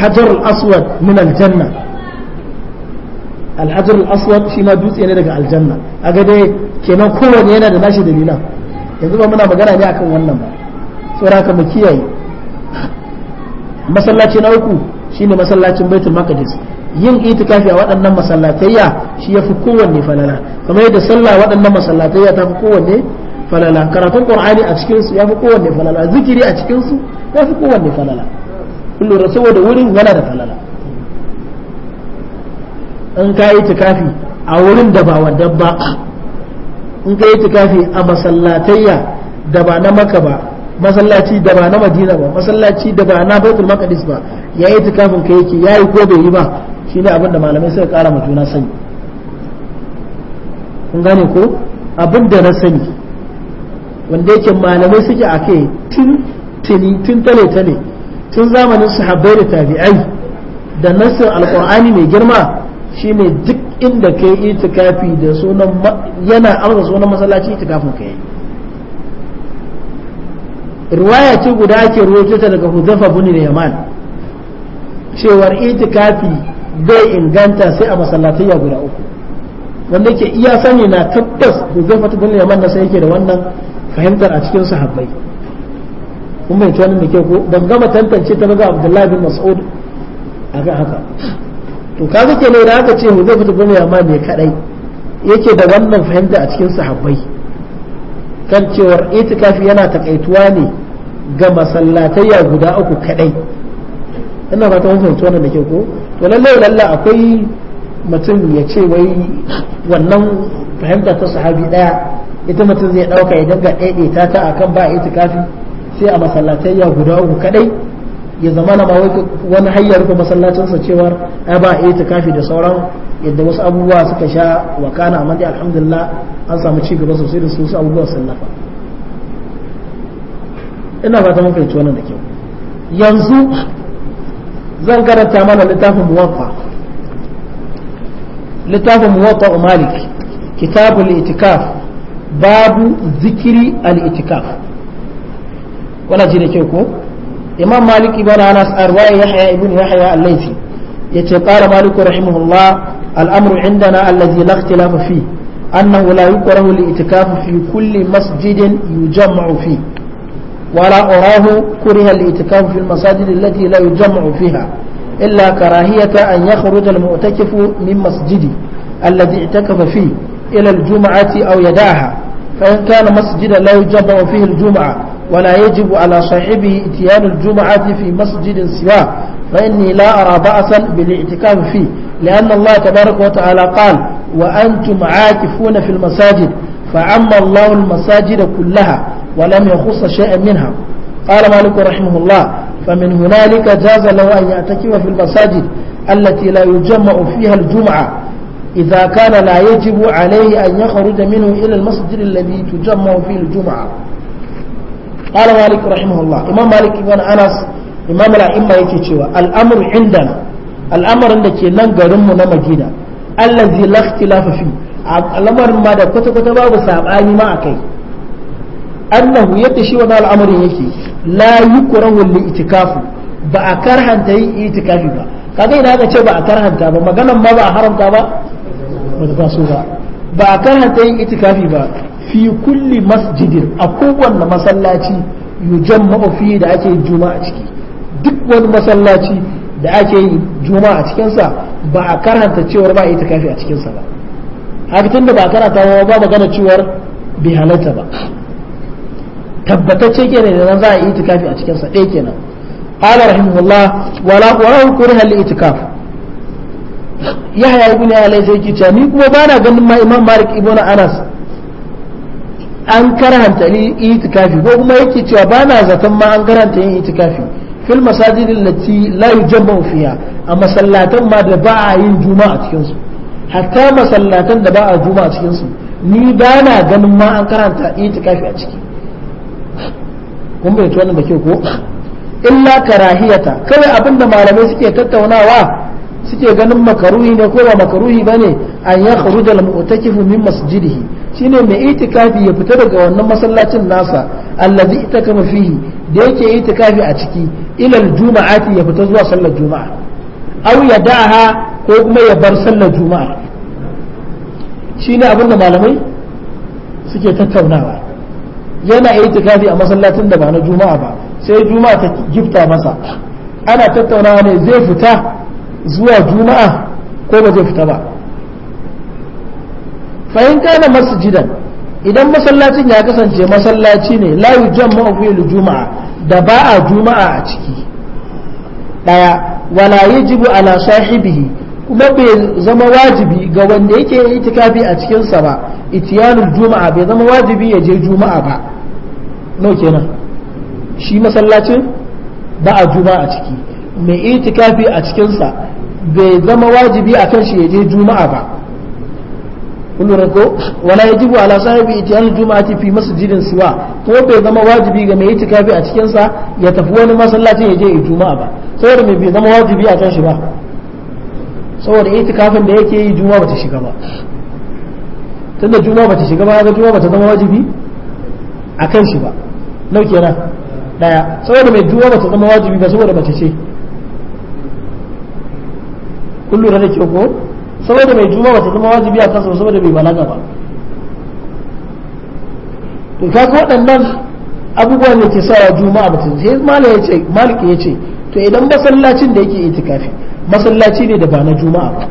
hajar al-aswad aswad shi dutse ne daga aljanna a ga yana da nashi yanzu ba muna magana ne akan wannan ba masallaci shine masallacin baitul maqdis yin itikafi a waɗannan masallatayya shi yafi kowanne falala kamar yadda sallah waɗannan masallatayya ta fi kowanne falala karatun qur'ani a cikin su yafi kowanne falala zikiri a cikin su yafi kowanne falala kullu saboda wurin yana da falala in ka yi itikafi a wurin da ba wadda ba in ka yi itikafi a masallatayya da ba na maka ba masallaci da ba na madina ba masallaci da ba na baitul maqdis ba ya yi tukafin ka yake ya yi ko bai yi ba shine abin da malamai suka kara ma juna sani kun gane ko abin da na sani wanda yake malamai suke a kai tun tuni tun tale tale tun zamanin sahabbai da tabi'ai da nasin alqur'ani mai girma shine duk inda kai itikafi da sunan yana amsa sunan masallaci itikafin ka yi riwaya ce guda ake ruwaito ta daga huzafa bin Yaman cewar itikafi bai inganta sai a masallatayya guda uku wanda ke iya sani na tabbas huzafa bin Yaman na sai yake da wannan fahimtar a cikin sahabbai kun bai tuwanin da ke ko ban gama tantance ta ga Abdullahi bin Mas'ud a ga haka to kaga ne da aka ce huzafa bin Yaman ne kadai yake da wannan fahimta a cikin sahabbai kan cewar itikafi yana takaituwa ne ga masallatayya guda uku kadai ina fata mun fahimci wannan da ke ko to lallai lalle akwai mutum ya ce wai wannan fahimta ta sahabi daya ita mutum zai dauka ya danga daidaita ta akan ba itikafi sai a masallatayya guda uku kadai ya zama na ma wani hanyar ko masallacinsa cewar a ba itikafi da sauran yadda wasu abubuwa suka sha wakana amma dai alhamdulillah an samu ci gaba sosai da su su abubuwa sun nafa ina fata mun fahimci wannan da kyau yanzu zan karanta mana littafin muwaffa littafin muwaffa malik kitabul itikaf babu zikiri al-itikaf wannan ji da kyau ko imam malik ibn anas arwaya yahya ibn yahya al-laythi yace qala malik rahimahullah الأمر عندنا الذي لا اختلاف فيه أنه لا يكره الاعتكاف في كل مسجد يجمع فيه ولا أراه كره الاعتكاف في المساجد التي لا يجمع فيها إلا كراهية أن يخرج المعتكف من مسجده الذي اعتكف فيه إلى الجمعة أو يدعها فإن كان مسجدا لا يجمع فيه الجمعة ولا يجب على صاحبه اتيان الجمعة في مسجد سواه فإني لا أرى بأسا بالاعتكاف فيه لأن الله تبارك وتعالى قال وأنتم عاكفون في المساجد فعم الله المساجد كلها ولم يخص شيئا منها قال مالك رحمه الله فمن هنالك جاز له أن يعتكف في المساجد التي لا يجمع فيها الجمعة إذا كان لا يجب عليه أن يخرج منه إلى المسجد الذي تجمع فيه الجمعة قال مالك رحمه الله إمام مالك بن أنس imam al'imma yake cewa alamur indana al'amarin da ke nan garinmu na madina allah la ikhtilafa a al'amarin ma da kwata kwata babu sabani ma kai annahu yadda shi wannan al'amarin yake la yukrahu li itikafu ba a karhanta yin itikafi ba kaga ina ga ce ba a karhanta ba maganan ma ba a haramta ba ba ta so ba ba a karhanta yin itikafi ba fi kulli masjidin a kowanne masallaci yujamma'u fi da ake juma'a ciki duk wani masallaci da ake yi juma a cikinsa ba a karanta cewar ba a yi takafi a cikinsa ba haka tunda ba a karanta ba ba magana cewar bai halatta ba tabbatacce kenan da nan za a yi kafi a cikinsa ɗaya kenan قال wala wala ولا ولو itikaf ya yahya ibn ya sai ki ta ni kuma ba na ganin ma imam malik ibn anas an karanta ni itikafi ko kuma yake cewa ba na zaton ma an karanta yin itikafi fil latti allati jan yujammu fiha a masalatan ma da ba a yin juma'a cikin su hatta masallatan da ba a juma'a cikin su ni ba ganin ma an karanta itikafi a ciki kun bai wannan da ke ko illa karahiyata kawai abinda malamai suke tattaunawa suke ganin makaruhi ne ko ba makaruhi bane an ya kharuja al mu'takifu min masjidihi shine mai itikafi ya fita daga wannan masallacin nasa allazi itakama mafihi. da yake yi tikafi a ciki ilal juma'ati ya fita zuwa sallar juma'a aw ya daha ko kuma ya bar sallar juma'a shine abin da malamai suke tattaunawa yana yi tikafi a masallacin da ba na juma'a ba sai juma'a ta gifta masa ana tattaunawa ne zai fita zuwa juma'a ko ba zai fita ba fahimta na masjidan idan masallacin ya kasance masallaci ne la yujamma fi juma'a da ba a juma'a a ciki daya wala yajibu ala sahibihi kuma bai zama wajibi ga wanda yake itikafi a cikin sa ba itiyanul juma'a bai zama wajibi ya je juma'a ba no kenan shi masallacin ba a juma'a a ciki mai itikafi a cikin sa bai zama wajibi akan shi ya je juma'a ba kullum ko wala jibu ala sahibi itiyanu juma'ati fi masjidin siwa ko bai zama wajibi ga mai itikafi a cikin sa ya tafi wani masallacin ya je yi juma'a ba saboda mai bai zama wajibi a kan shi ba saboda itikafin da yake yi juma'a bata shiga ba tunda juma'a bata shiga ba ga juma'a bata zama wajibi a kan shi ba nau kenan daya saboda mai juma'a bata zama wajibi ba saboda ta ce kullum da ke ko saboda mai juma ba zama wajibi a kansa saboda bai balaga ba to kaga waɗannan abubuwan ne ke sawa juma'a ba ta sai malik ya ce ya ce to idan masallacin da yake itikafi masallaci ne da ba na juma'a ba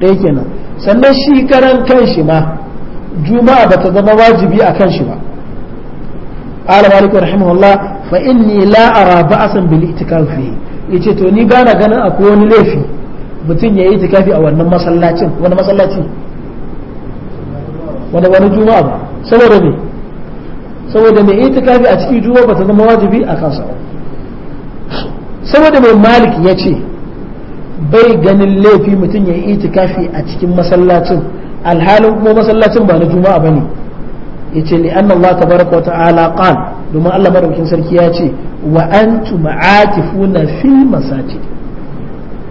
ɗaya kenan sannan shi karan kanshi ma juma'a ba ta zama wajibi a kanshi ba قال مالك رحمه الله فإني لا أرى بأسا بالإتكاف فيه يجي تو ني بانا غانا أكو وني ليفي mutum ya yi tikafi a wannan masallacin wani masallaci wani wani juma'a ba saboda me saboda mai itikafi a cikin juma'a ba ta zama wajibi a kansa saboda mai malik ya ce bai ganin laifi mutum ya yi itikafi a cikin masallacin alhalin kuma masallacin ba na juma'a ba ne ya ce li'an Allah wata baraka wa ta'ala qal domin Allah madaukakin sarki ya ce wa antum atifuna fil masajid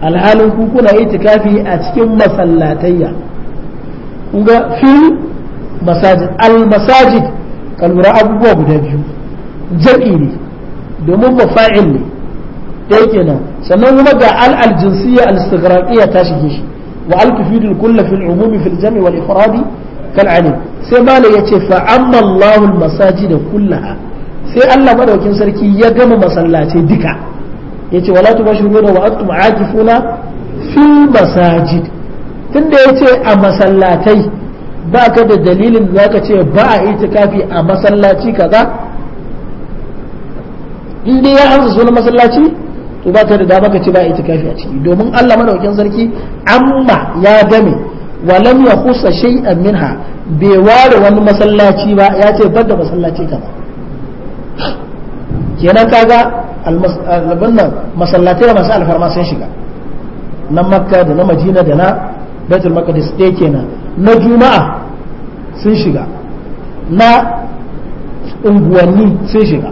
alhalin kukuna kuna itikafi a cikin masallatayya kun ga fil masajid al masajid kalura abubuwa guda biyu jam'i ne domin mafa'il ne sannan kuma ga al al jinsiyya al istighraqiyya ta shige shi wa al tufidul kull fil umumi fil jam'i wal ifradi kal alim sai mala yace fa amma Allahu al masajid kullaha sai Allah madaukin sarki ya gama masallace duka yace wala tubashiruna wa antum aakifuna fil masajid tunda yace a masallatai ba ka da dalilin da zaka ce ba a itikafi a masallaci kaza in dai ya amsa sunan masallaci to ba ka da dama ka ce ba itikafi a ciki domin Allah madaukakin sarki amma ya game walam ya kusa shay'an minha bai ware wani masallaci ba ya ce da masallaci kaza kenan kaga wannan masallatai masu alfarma sun shiga na makka da na majina da na baitul maqdis ɗaya kenan na juma'a sun shiga na unguwanni sun shiga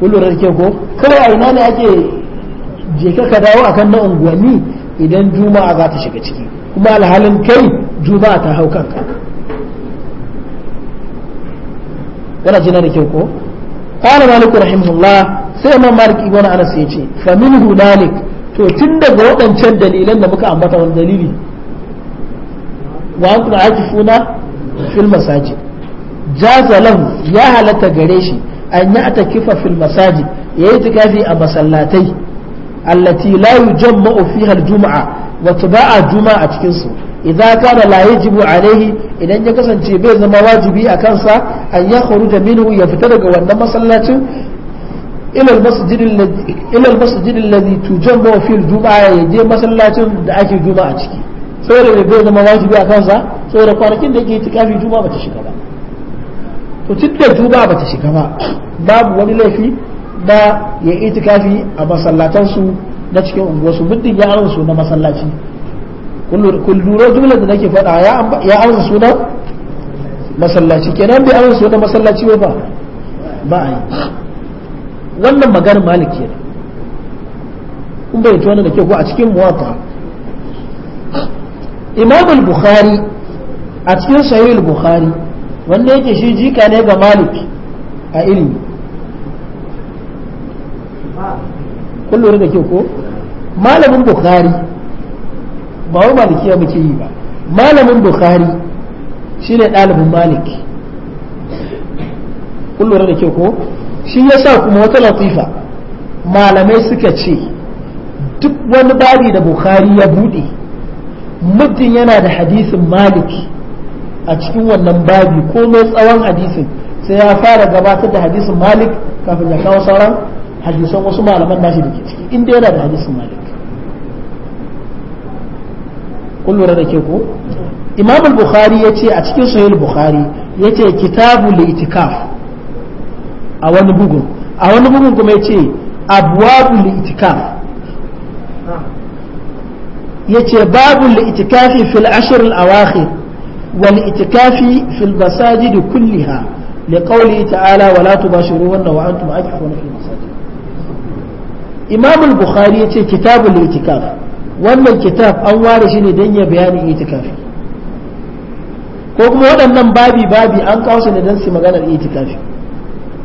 kullum da ke ko kawai a ina ne ake je ka dawo akan na unguwanni idan juma'a za ta shiga ciki kuma alhalin kai juma'a ta hau kanka kana jina da kyau ko qala malik rahimahullah sai imam malik ibn anas yace fa minhu dalik to tun daga waɗancan dalilan da muka ambata wani dalili wa antum akifuna fil masajid jaza ya halatta gare shi an ya atakifa fil masajid yayi tikafi a masallatai allati jam yujamma'u fiha juma'a juma ba a juma'a a cikinsu. idza kana la yajibu alaihi idan ya kasance bai zama wajibi a kansa an ya kharuja minhu ya fita daga wannan masallacin ila al-masjid tujan ila fil masjid alladhi fi juma ya je masallacin da ake a ciki saboda bai zama wajibi a kansa saboda kwanakin da yake itikafi ba ta shiga ba to tunda ba ta shiga ba babu wani laifi da ya itikafi a masallatansu na cikin unguwarsu muddin yaran su na masallaci kun lura jumlar da nake faɗa ya amsa sunan masallaci kenan bai amsa sunan masallaci ba ba a yi wannan maganar maliki kenan kun bai wannan da ke ko a cikin muwatta imam al-bukhari a cikin sahih al-bukhari wanda yake shi jika ne ga malik a ilimi kun lura da ke ko malamin bukhari ba wai malikiya muke yi ba malamin bukhari shine ɗalibin malik kun da ke ko shi yasa kuma wata latifa malamai suka ce duk wani babi da bukhari ya buɗe muddin yana da hadisin malik a cikin wannan babi komai tsawon hadisin sai ya fara gabatar da hadisin malik kafin ya kawo sauran hadisan wasu malaman nashi da ke ciki inda yana da hadisin malik kun lura da ke ko imam al-bukhari ya ce a cikin sahih al-bukhari ya ce kitabu li'itikaf a wani bugun a wani bugun kuma ya ce abwabu li'itikaf ya ce babu li'itikafi fil ashr al-awakhir wal itikafi fil masajid kulliha لقوله تعالى ولا تباشروهن وانتم عاكفون في المساجد imam al-bukhari ya yace kitabul itikaf wannan kitab an ware shi ne don ya bayanin itikafi ko kuma waɗannan babi babi an kawo su ne don su maganar itikafi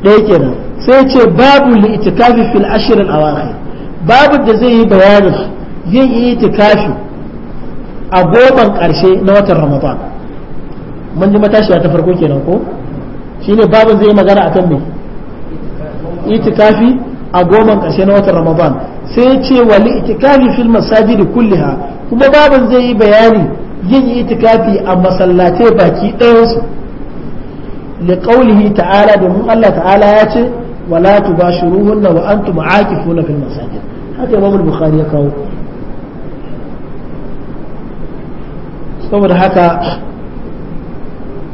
ɗaya kenan sai ce babu li itikafi fil ashirin awakhir babu da zai yi bayanin yin itikafi a goban ƙarshe na watan ramadan mun ji matashiya ta farko kenan ko shine babin zai yi magana akan me itikafi a goban ƙarshe na watan ramadan sai ya ce wali itikafi fil masajidi kulliha kuma baban zai yi bayani yin itikafi a masallatai baki ɗayansu li qawlihi ta'ala domin Allah ta'ala ya ce wala tubashiruhunna wa antum aakifuna fil masajid haka Imam bukhari ya kawo saboda haka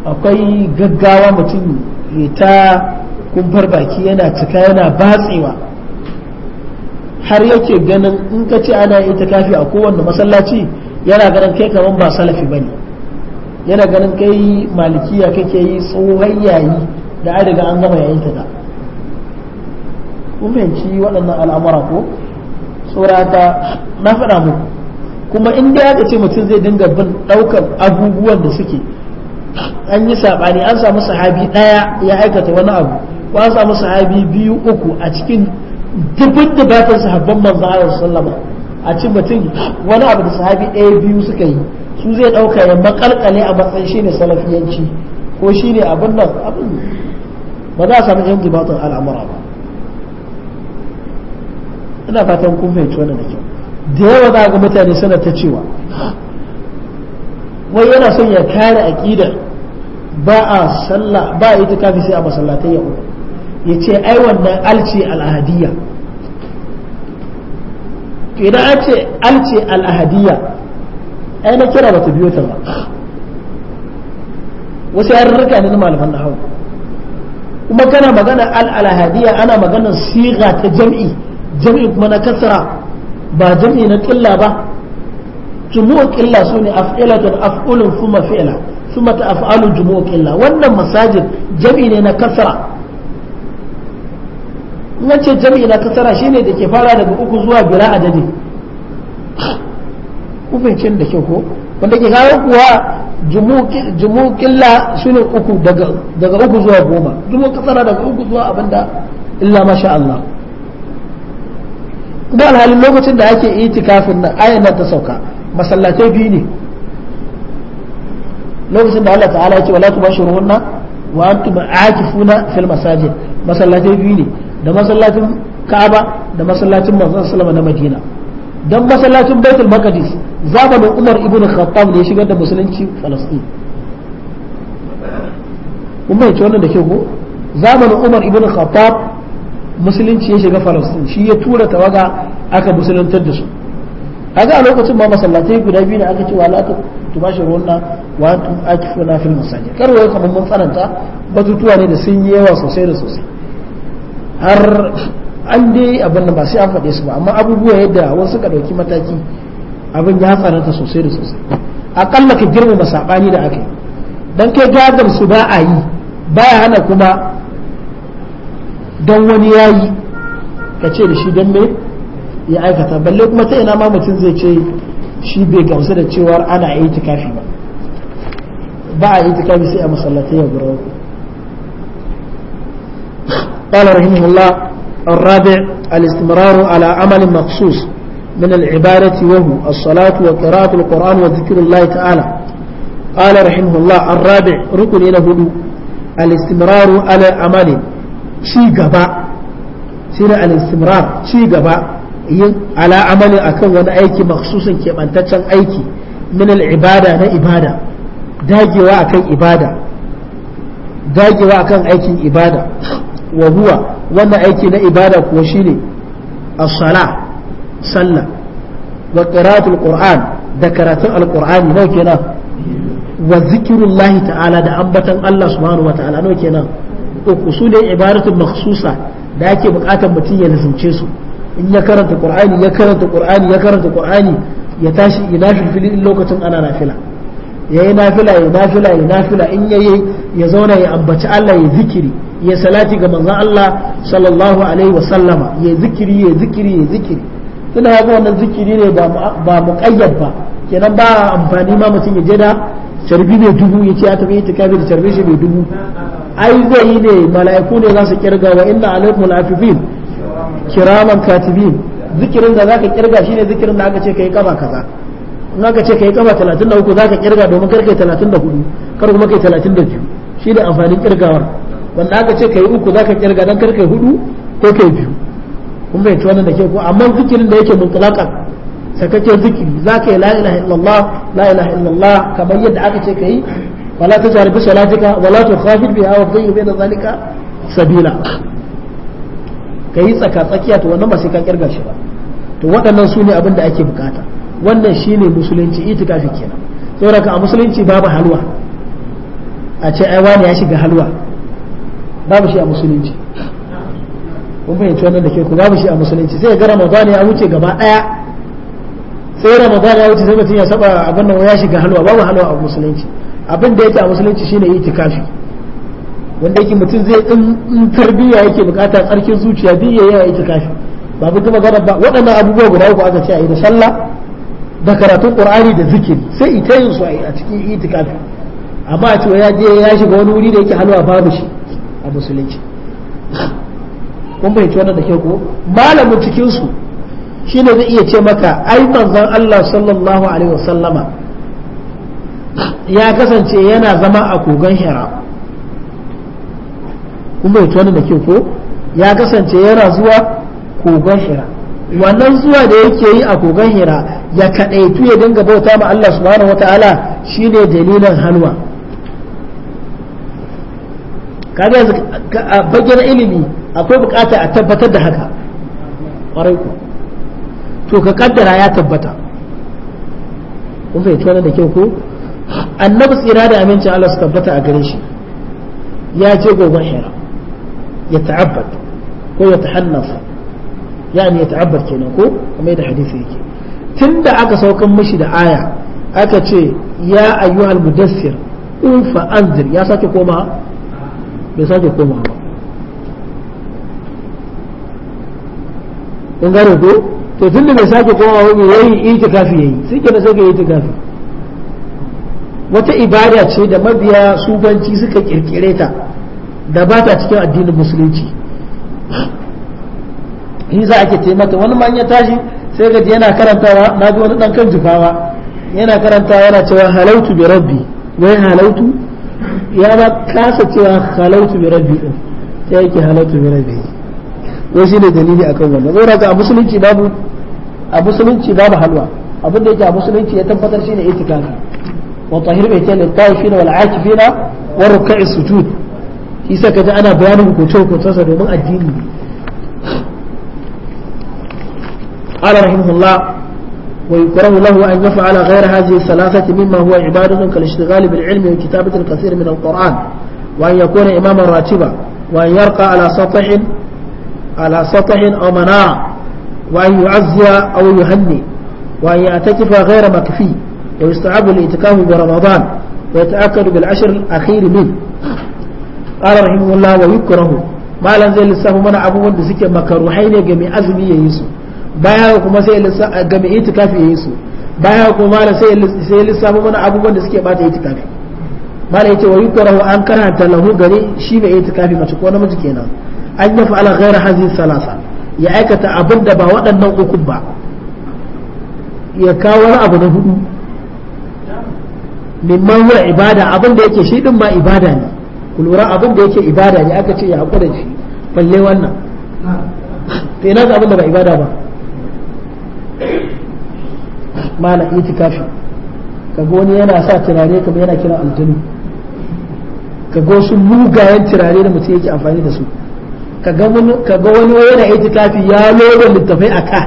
akwai gaggawa mutum ya ta kumfar baki yana cika yana batsewa har yake ganin in ka ce ana ita kafi a kowanne masallaci yana ganin kai kaman ba salafi bane yana ganin kai malikiya kake yi tsohon yayi da an riga an gama yayin ta da kun waɗannan al'amura ko tsorata na faɗa muku kuma in da aka ce mutum zai dinga bin ɗaukar abubuwan da suke an yi saɓani an samu sahabi ɗaya ya aikata wani abu ko an samu sahabi biyu uku a cikin dubin dubatan sahabban manzo Allah sallama a cikin mutum wani abu da sahabi ɗaya biyu suka yi su zai ɗauka ya makalkale a matsayin shine salafiyanci ko shine abin nan abin ba za a samu yan dubatun al'amura ba ina fatan kun fahimci wannan da kyau da yawa za a ga mutane suna ta cewa wai yana son ya kare aqidar ba a sallah ba a yi ta kafi sai a masallatai ya uku yace ai wannan alce al'ahadiyya idan an ce alce al'ahadiyya ai na kira ba ta biyo ta ba wasu yarurruka ne na malaman na hau kuma kana magana al'alahadiyya ana maganar siga ta jam'i jam'i kuma na kasara ba jam'i na ƙilla ba jumu'u ƙilla su ne af'ilatun af'ulun kuma fi'ila kuma ta af'alu jumu'u ƙilla wannan masajid jam'i ne na kasara wacce jami'i na kasara shine da ke fara daga uku zuwa bira adadi kufincin da kyau ko wanda ke kawo kuwa jumukilla shine uku daga uku zuwa goma jumu kasara daga uku zuwa abinda illa masha Allah da alhalin lokacin da ake itikafin nan ayan nan ta sauka masallatai biyu ne lokacin da Allah ta'ala ya ce wala tubashirunna wa antum aakifuna fil masajid masallatai biyu ne da masallacin Ka'aba da masallacin Manzon Sallama na Madina dan masallacin Baitul Maqdis zamanin Umar ibn Khattab ne ya shigar da musulunci Falastin kun bai wannan da ke ko zamanin Umar ibn Khattab musulunci ya shiga Falastin shi ya tura tawaga aka musuluntar da su kaga a lokacin ma masallatai guda biyu ne aka ce wala ta tubashi ruwanna wa antum akifuna fil masajid kar wai kamar mun tsananta batutuwa ne da sun yi yawa sosai da sosai har an dai abin da ba sai an faɗe su ba amma abubuwa yadda wasu suka ɗauki mataki abin ya tsananta sosai da sosai aƙalla ka girmama saɓani da aka yi don kai gadar su ba a yi baya hana kuma don wani ya yi ka ce da shi don me ya aikata balle kuma ta ina ma mutum zai ce shi bai gamsu da cewar ana yi kafi ba ba a yi kafi sai a masallatai ya gura قال رحمه الله الرابع الاستمرار على عمل مخصوص من العبادة وهو الصلاة وقراءة القرآن وذكر الله تعالى قال رحمه الله الرابع ركن إلى هدو الاستمرار على عمل شي قبا شير الاستمرار شي قبا على عمل أكون وانا أيكي مخصوصا كيما أنتشان أيكي من العبادة أنا إبادة داجي وأكن إبادة dagewa akan aikin ibada wa huwa wannan aiki na ibada kuwa shine as sallah wa qira'atul qur'an da karatun alqur'ani nawa kenan wa zikirullahi ta'ala da ambatan Allah subhanahu wa ta'ala nawa kenan uku su ne ibadatul makhsusa da ake bukatar mutum ya lazumce su in ya karanta qur'ani ya karanta qur'ani ya tashi ina filfilin lokacin ana nafila ya yi nafila ya nafila ya nafila in ya ya zauna ya ambaci Allah ya zikiri ya salati ga manzon Allah sallallahu alaihi wa sallama ya zikiri ya zikiri ya zikiri tunda ga wannan zikiri ne ba mu muqayyad ba kenan ba amfani ma mutum ya je da carbi ne dubu ya ce ya tafi itikafi da carbi shi mai dubu ai zai yi ne mala'iku ne za su kirga wa inna alaikum alafifin kiraman katibin zikirin da zaka kirga shine zikirin da aka ce kai kafa kaza in aka ce kai kafa 33 zaka kirga domin kar kai 34 kar kuma kai 32 shi da amfanin kirgawar wanda aka ce kai uku zaka kirga dan kar kai hudu ko kai biyu kun bai wannan da ke ko amma zikirin da yake sai sakakken zikiri zaka yi la ilaha illallah la ilaha illallah kamar yadda aka ce kai wala tajhar bi salatika wala khafid biha wa dhayyu bayna zalika sabila kai tsaka tsakiya to wannan ba sai ka kirga shi ba to waɗannan su ne abin da ake bukata wannan shine musulunci itikafi kenan saboda ka a musulunci babu halwa a ce ai ya shiga halwa babu shi a musulunci kun fahimci wannan da ke ku babu shi a musulunci sai ga ramadan ya wuce gaba daya sai ramadan ya wuce sai mutum ya saba abin nan ya shiga halwa babu halwa a musulunci abin da yake a musulunci shine itikafi wanda yake mutum zai in tarbiyya yake bukata tsarkin zuciya duk yayi ya itikafi ba bi kuma ba waɗannan abubuwa guda uku aka ce a yi da sallah da karatun qur'ani da zikiri sai ita yin su a cikin itikafi amma a ce ya je ya shiga wani wuri da yake halwa babu shi a musulunci kun fahimci wannan da ke ko malamin cikin su shine zai iya ce maka ai manzon Allah sallallahu alaihi wasallama ya kasance yana zama a kogon hira kun fahimci wannan da ke ko ya kasance yana zuwa kogon hira wannan zuwa da yake yi a kogon hira ya kaɗaitu ya dinga bauta ma Allah subhanahu wataala shine dalilin halwa kaga yanzu a bayyana ilimi akwai bukata a tabbatar da haka ƙwarai ku to ka kaddara ya tabbata kun fahimci wannan da kyau ko annabi tsira da amincin Allah su tabbata a gare shi ya je gogon hira ya ta'abbad ko ya tahannafa yani ya ta'abbad kenan ko kuma yadda hadisi yake tunda aka saukan mishi da aya aka ce ya ayyuhal mudassir ufa anzir ya sake koma bai sake komawa ba in gane ko to tun da bai sake koma ba yayi itikafi yayi sai ke da sai yayi itikafi wata ibada ce da mabiya subanci suka kirkire ta da ba ta cikin addinin musulunci in za ake taimaka wani man ya tashi sai ga yana karantawa na ji wani dan kan jifawa yana karantawa yana cewa halautu bi rabbi wai halautu ya ba kasa cewa halautu bi rabbi din sai yake halautu bi rabbi wai shi ne dalili akan wannan zai ga a musulunci babu a musulunci babu halwa abin da yake a musulunci ya tabbatar shine itikafi wa tahir bai tele tawfina wal akifina wa ruk'i sujud isa kaji ana bayanin hukunce hukuncensa domin addini ala رحمه الله ويكره له أن يفعل غير هذه الثلاثة مما هو عبادة كالاشتغال بالعلم وكتابة الكثير من القرآن وأن يكون إماما راتبا وأن يرقى على سطح على سطح أو مناع وأن يعزي أو يهني وأن يعتكف غير مكفي ويستحب الاعتكاف برمضان ويتأكد بالعشر الأخير منه قال رحمه الله ويكره ما لن زي لسه من أبوه بسكة مكروحين جميع أزمي يسوع baya kuma sai ga mai itikafi yayin su baya kuma malam sai sai lissafa mana abubuwan da suke bata itikafi malam yace wa yukrahu an karanta lahu gari shi mai itikafi mace ko namiji kenan an yafa ala ghairi hazi salasa ya aikata abin da ba waɗannan uku ba ya kawo abu na hudu mimman huwa ibada abin da yake shi din ma ibada ne ku lura abin da yake ibada ne aka ce ya haƙura shi balle wannan to ina ga abin da ba ibada ba mana itikafi kaga wani yana sa turare kamar yana kira aljanu kaga wasu mugayen turare da mutum yake amfani da su kaga wani yana itikafi ya loda littafai a ka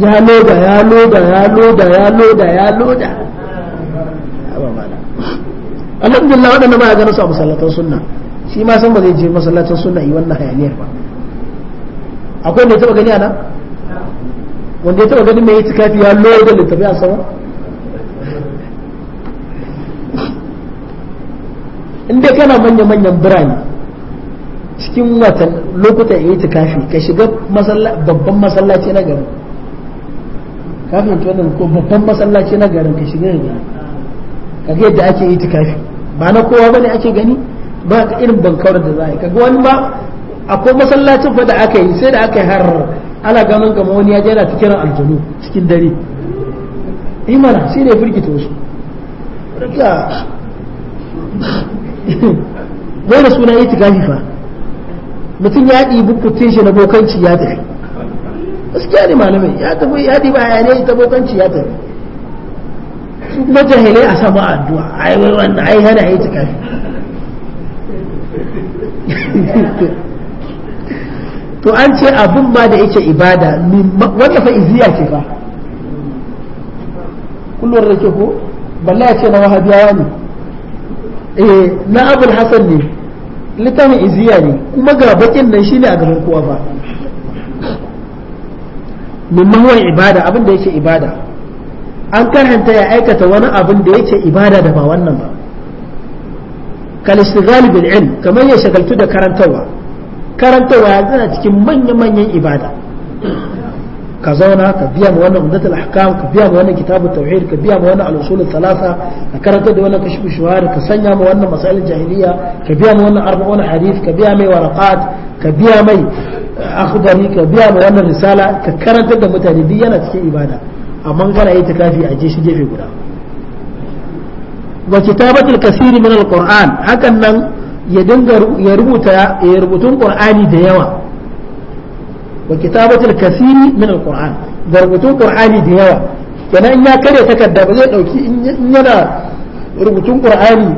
ya loda ya loda ya loda ya loda ya loda alhamdulillah waɗanda ba ya gano su a masallatan sunna shi ma san ba zai je masallatan sunna yi wannan hayaniyar ba akwai da ta taɓa gani a nan wanda ya taba ganin mai itikafi ya loda littafi a sama in dai kana manya manyan birane cikin watan lokutan ya itikafi ka shiga babban masallaci na garin kafin tuwanin ko babban masallaci na garin ka shiga ga kaga yadda ake itikafi ba na kowa bane ake gani ba ka irin bankawar da za a yi kaga wani ba akwai masallacin fa da aka yi sai da aka yi har ana ganin kama wani ya jera ta kiran aljanu cikin dare mana shi ne firgita wasu rika dole suna yi tikafi fa mutum ya ɗibi kutin shi na bokanci ya tafi gaskiya ne malamai ya tafi ya ba ya ne ta bokanci ya tafi su kuma jahilai a sama addu'a ai wai wannan ai hana yi tikafi <laughs> to an ce abin ma da yake ibada wanda fa iziya ce fa kullum da ke ko balla ce na wahabiyawa ne eh na abul hasan ne littafin iziya ne kuma ga bakin nan shine a gaban kowa ba min mahwan ibada abin da yake ibada an karanta ya aikata wani abin da yake ibada da ba wannan ba kal istighal bil ilm kamar ya shagaltu da karantarwa karantarwa yanzu na cikin manya-manyan ibada ka zauna ka biya ma wannan umdatul ahkam ka biya ma wannan kitabut tauhid ka biya ma wannan al-usul thalatha ka karanta da wannan kashfu shuhara ka sanya ma wannan masail jahiliya ka biya ma wannan arba'un hadith ka biya mai waraqat ka biya mai akhdari ka biya ma wannan risala ka karanta da mutane duk yana cikin ibada amma kana yi takafi a je shi gefe guda wa kitabatul kasiri min al-qur'an hakan nan ya dinga ya rubuta ya rubutun qur'ani da yawa wa kitabatul kasiri min alquran da rubutun qur'ani da yawa kenan in ya kare takarda ba zai dauki in yana rubutun qur'ani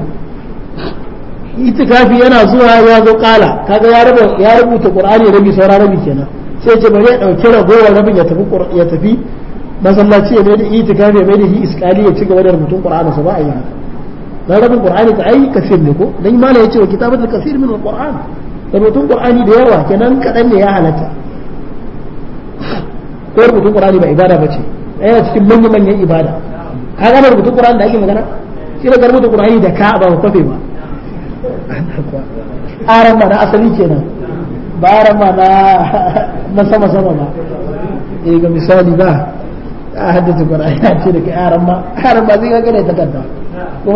itikafi yana zuwa ya zo kala kaga ya rubuta ya rubuta qur'ani rabi saura rabi kenan sai ce bari ya dauki ragowar rabin ya tafi ya tafi masallaci ya bai da itikafi ya mai da hi iskali ya ci gaba da rubutun qur'ani sa ba a yi haka dan rabin qur'ani ta ayi kafir ne ko dan mala yace wa kitabatul kafir min alquran rubutun qur'ani da yawa kenan kadan ne ya halatta ko rubutun qur'ani ba ibada bace ɗaya cikin manyan manyan ibada ka ga rubutun qur'ani da ake magana shi da rubutun qur'ani da ka ba kwafe ba aran ma na asali kenan ba aran ma na na sama sama ba eh ga misali ba a haddace qur'ani ce da kai aran ma aran ma zai ga gane takarda ko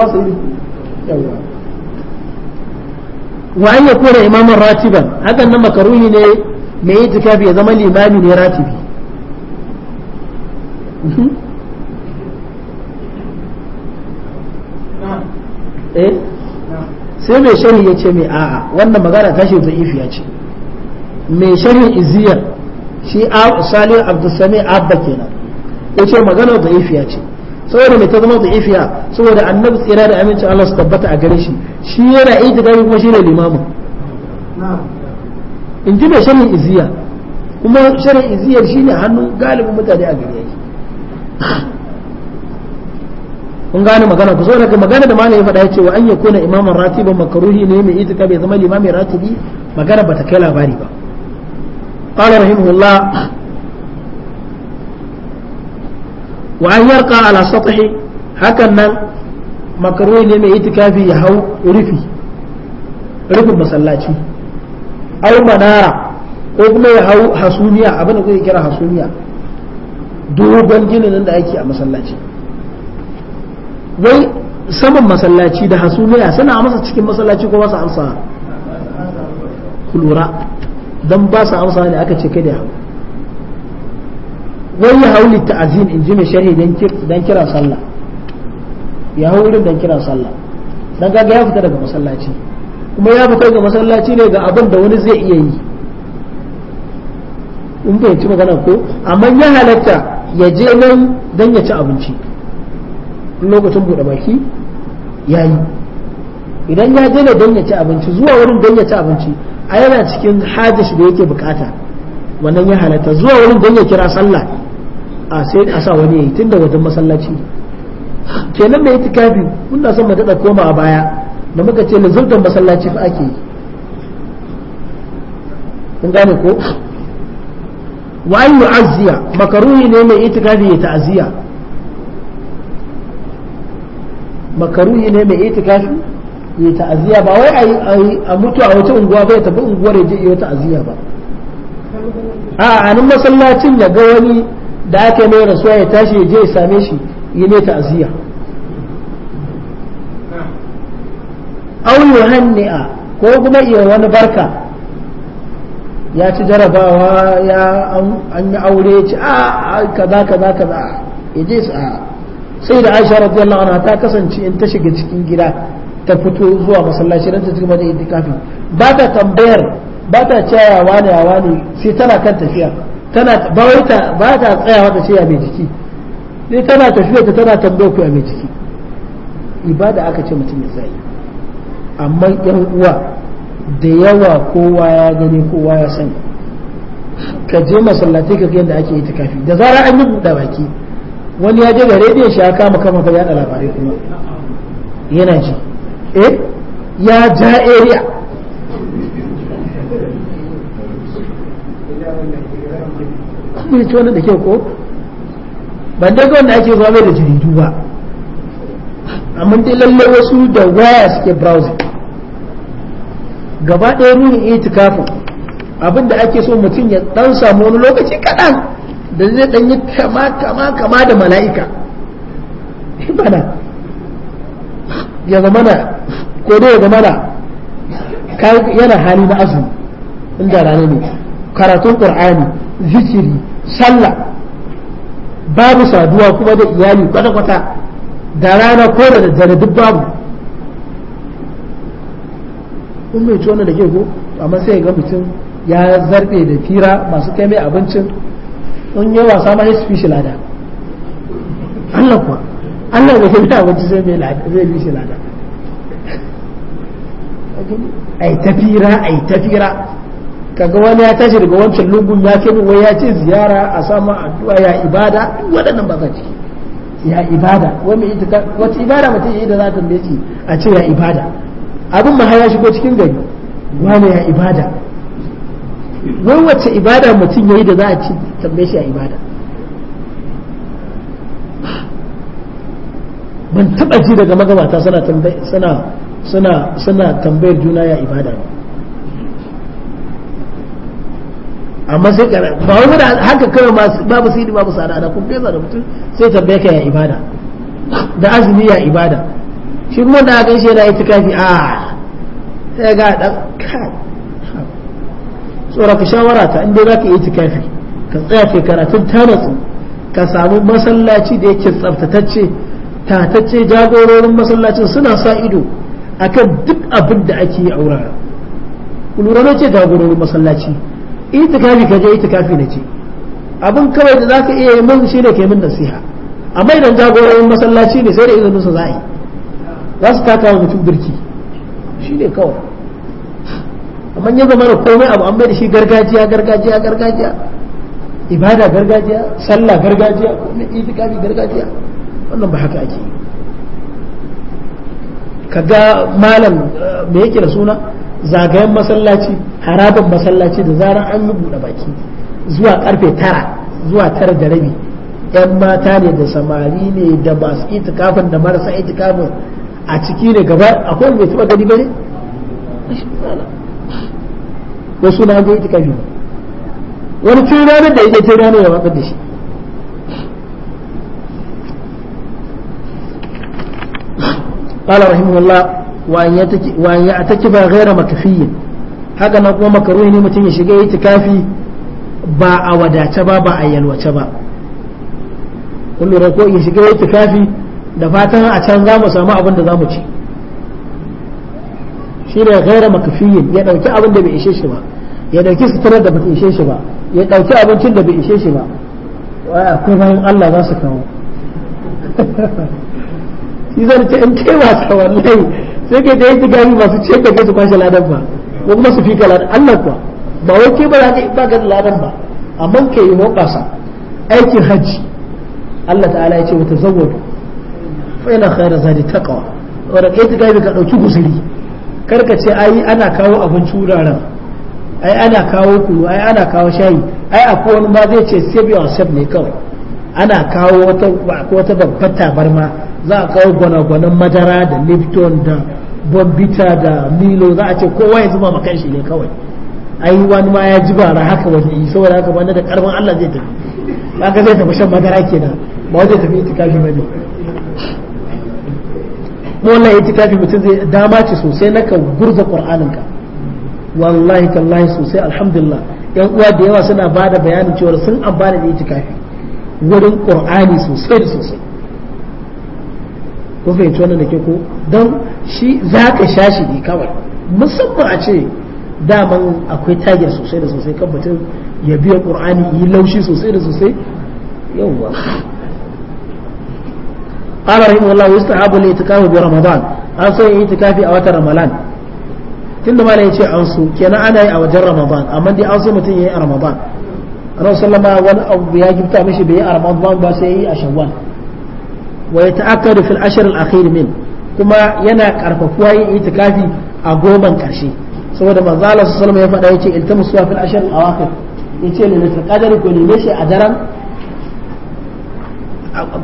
wa an yakuna imaman ratiban hakan nan makaruni ne mai tikafi ya zama limami ne ratibi <laughs> eh? sai mai shari'a ya ce mai a'a wannan magana tashi da ifiya ce mai shari'a iziyar shi salih abdulsami abba kenan ya ce magana da ifiya ce saboda mai ta zama da'ifiya saboda annabi tsira da amincin Allah su tabbata a gare shi shi yana itikafi kuma shi ne limamin in ji mai shirin iziya kuma shirin iziyar shi ne hannun galibin mutane a gare shi kun gane magana ku saboda magana da malam ya faɗa ya ce wa an ya kuna imaman ratiban makaruhi ne mai itika bai zama limamin ratibi magana ba ta kai labari ba قال رحمه الله wa an yarqa ala satahi hakan nan makaruhi ne mai itikafi ya hau rufi rufin masallaci au manara ko kuma ya hau hasumiya abin da kuke kira hasumiya dogon ginin da ake a masallaci wai saman masallaci da hasumiya suna masa cikin masallaci ko wasu amsa kulura don ba su amsa ne aka ce kada ya hau wai ya hauli azin in ji mai sharhi dan kiran sallah ya hauli dan kiran sallah don gaga ya fita daga masallaci kuma ya fita daga masallaci ne ga abin da wani zai iya yi in bai ci magana ko amma ya halatta ya je nan dan ya ci abinci lokacin buɗe baki ya yi idan ya je ne dan ya ci abinci zuwa wurin dan ya ci abinci a yana cikin hajjashi da yake bukata wannan ya halatta zuwa wurin don ya kira sallah a sai a sa wani yayi tun da wajen masallaci kenan da itikafi mun na son mu da koma a baya da muka ce lazurdan masallaci fa ake yi kun gane ko wa an yu'azziya makaruhi ne mai itikafi ya ta'aziya makaruhi ne mai itikafi ya ta'aziya ba wai a mutu a wata unguwa ba ya tafi unguwar ya je ya ta'aziya ba a anan masallacin ya ga wani da aka mai rasuwa ya tashi ya je ya same shi yi mai ta'aziyya aw yuhanni'a ko kuma iya wani barka ya ci jarabawa ya an yi aure ya ci a kaza kaza kaza ya je su a sai da aisha radiyallahu anha ta kasance in ta shiga cikin gida ta fito zuwa masallaci don ta cigaba da itikafi ba ta tambayar ba ta cewa wane wani sai tana kan tafiya tana ba ta ba ta tsayawa wata ce ya mai jiki ne tana tafiya ta tana tambayar ku ya mai jiki ibada aka ce mutum ya tsaye amma yan uwa da yawa kowa ya gani kowa ya sani ka je masallaci ka ga yadda ake yi takafi da zara an yi buɗa baki wani ya je da rediyo shi ya kama kama ka yaɗa labarai kuma yana ji eh ya ja area kun ci wannan da kyau ko ban dai wanda ake zuwa mai da jaridu ba amma dai lalle wasu da waya suke browsing gaba ɗaya ruhin itikafin abin da ake so mutum ya dan samu wani lokaci kaɗan da zai dan yi kama kama kama da mala'ika <laughs> bana ya zama na ko dai ya zama na yana hali na azumi inda rana ne karatun qur'ani zikiri sallah babu saduwa kuma da iyali kwata-kwata da rana ko da daddare duk babu kun mai tona da ke ko amma sai ga mutum ya zarbe da fira masu kai mai abincin in yi wasa ma ya su fi shi lada Allah kuwa Allah da kai mai abinci zai mai lada zai fi shi lada ai ta fira ai ta fira kaga wani ya tashi daga wancan lungun ya ce wai ya ce ziyara a sama addu'a ya ibada waɗannan ba za ciki ya ibada wani ita wata ibada mutum yayi da za ta tambaye a ce ya ibada abin ma ya shigo cikin gari wani ya ibada wai wacce ibada mutum yayi da za a ci tambaye shi ya ibada ban taba ji daga magabata suna suna suna suna tambayar juna ya ibada ba amma sai ka ba wani da haka kawai babu sidi babu sa'ada da kun fesa da mutum sai tambaye ka ya ibada da azumi ya ibada shi kuma da aka shi da itikafi a ah, sai ga dan kai tsora ka shawara ta inda zaka yi itikafi ka tsaya ke karatun tanatsu ka samu masallaci da yake tsaftatacce tatacce jagororin masallacin suna sa ido akan duk abin da ake yi a wurare. ku lura ce jagororin masallaci itikafi ka je itikafi na ce abin kawai da zaka iya yi mun shine kai min nasiha amma idan jagororin masallaci ne sai da izinin su zai yi za su taka wani mutum birki kawai amma yanzu zama komai abu an mai da shi gargajiya gargajiya gargajiya ibada gargajiya sallah gargajiya komai itikafi gargajiya wannan ba haka ake ka kaga malam eh, me yake da suna zagayen masallaci harabar masallaci da zarar an yi buɗe baki zuwa karfe tara zuwa tara da rabi yan mata ne da samari ne da masu itikafin da marasa itikafin a ciki ne gaba akwai mai taba gani bane wasu na ga itikafi ba wani tun ranar da yake tun ranar ya wakar da shi قال رحمه الله wa ya ataki ba gaira makafiyin haka nan kuma makaruhi ne mutum ya shiga yi kafi ba a wadace ba ba a yalwace ba kun lura ko ya shiga yi kafi da fatan a can za mu samu abin da za mu ci shi ne ghaira makafiyin ya ɗauki abin da bai ishe shi ba ya ɗauki sutura da bai ishe shi ba ya ɗauki abincin da bai ishe shi ba akwai bayan Allah za su kawo shi zan ce in kai wasa wallahi sai ke da diga gani masu ce da su kwashe ladan ba ko kuma su fika ladan Allah kuwa ba wai ke ba za ka ba ga ladan ba amma ke yi hoɓasa aikin hajji Allah ta'ala ya ce wata zawwadu fa ina khaira zadi taqwa wanda kai ta gani ka dauki gusuri kar ka ce ai ana kawo abin wuraren ai ana kawo kuru ai ana kawo shayi ai akwai wani ma zai ce save yourself ne kawai ana kawo wata wata babbar tabarma za a kawo gwanagwanan madara da lifton da bita da milo za a ce kowa ya zuba makan shi ne kawai ai wani ma ya ji bara haka waje yi saboda haka wani da karfin Allah zai tafi ba ka zai tafi shan madara kenan ba wajen tafi itikafi ba ne mu wannan itikafi mutum zai dama ce sosai na ka gurza qur'aninka wallahi tallahi sosai alhamdulillah yan uwa da yawa suna da bayanin cewa sun amfana da itikafi wurin qur'ani sosai da sosai ko fahimci wannan da ke ko don shi za ka sha shi ne kawai musamman a ce daman akwai tagin sosai da sosai kan mutum ya biya ƙur'ani yi laushi sosai da sosai yawwa قال رحمه ta يستحب الاعتكاف Ramadan an so ta kafi a watan ramadan tun da malam ce an so kenan ana yi a wajen ramadan amma dai an so mutum yi a ramadan annabi sallama wani abu ya gifta mishi bai yi a ramadan ba sai yayi a shawwal wa yata'akkadu fil ashirin al akhir min kuma yana karfafuwa yin itikafi a goman karshe saboda manzo Allah sallallahu alaihi wasallam ya faɗa yace iltamusu fil ashr al ya yace ne ta qadar ko ne shi a daren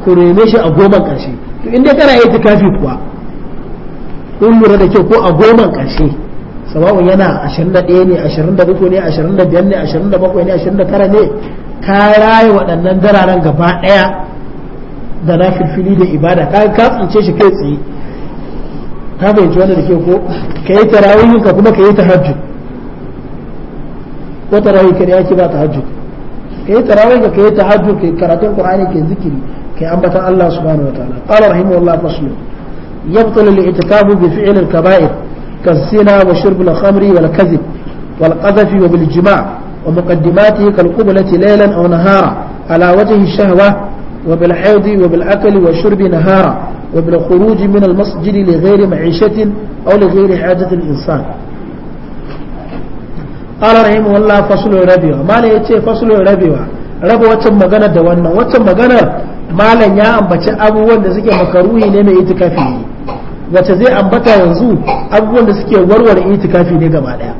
ko ne shi a goman karshe to in dai kana itikafi kuwa in lura da kyau ko a goman karshe sababu yana 21 ne 23 ne 25 ne 27 ne 29 ne ka raye waɗannan dararen gaba ɗaya da na filfili da ibada ka tsince shi kai tsaye ka fahimci wannan da ke ko ka yi tarawihin ka kuma ka yi tahajjud ko tarawih ka yake ba tahajjud ka yi tarawih ka yi tahajjud ka yi karatun qur'ani ka zikiri ka yi ambatan Allah subhanahu wataala qala rahimahullah faslu yabtalu wa itikafu bi fi'l al-kaba'ir كالزنا وشرب الخمر والكذب والقذف وبالجماع ومقدماته كالقبلة ليلا أو نهارا على wa bil وبالحيض wa shurbi nahara وبالخروج من المسجد لغير معيشة أو لغير حاجة الإنسان قال رحمه الله فصل ربيع ما لا فصل ربيع raba waccan magana da wannan waccan ما malam ya ambaci abubuwan da suke makaruhi ne mai itikafi ne wacce zai ambata yanzu abubuwan da suke warware itikafi ne gaba daya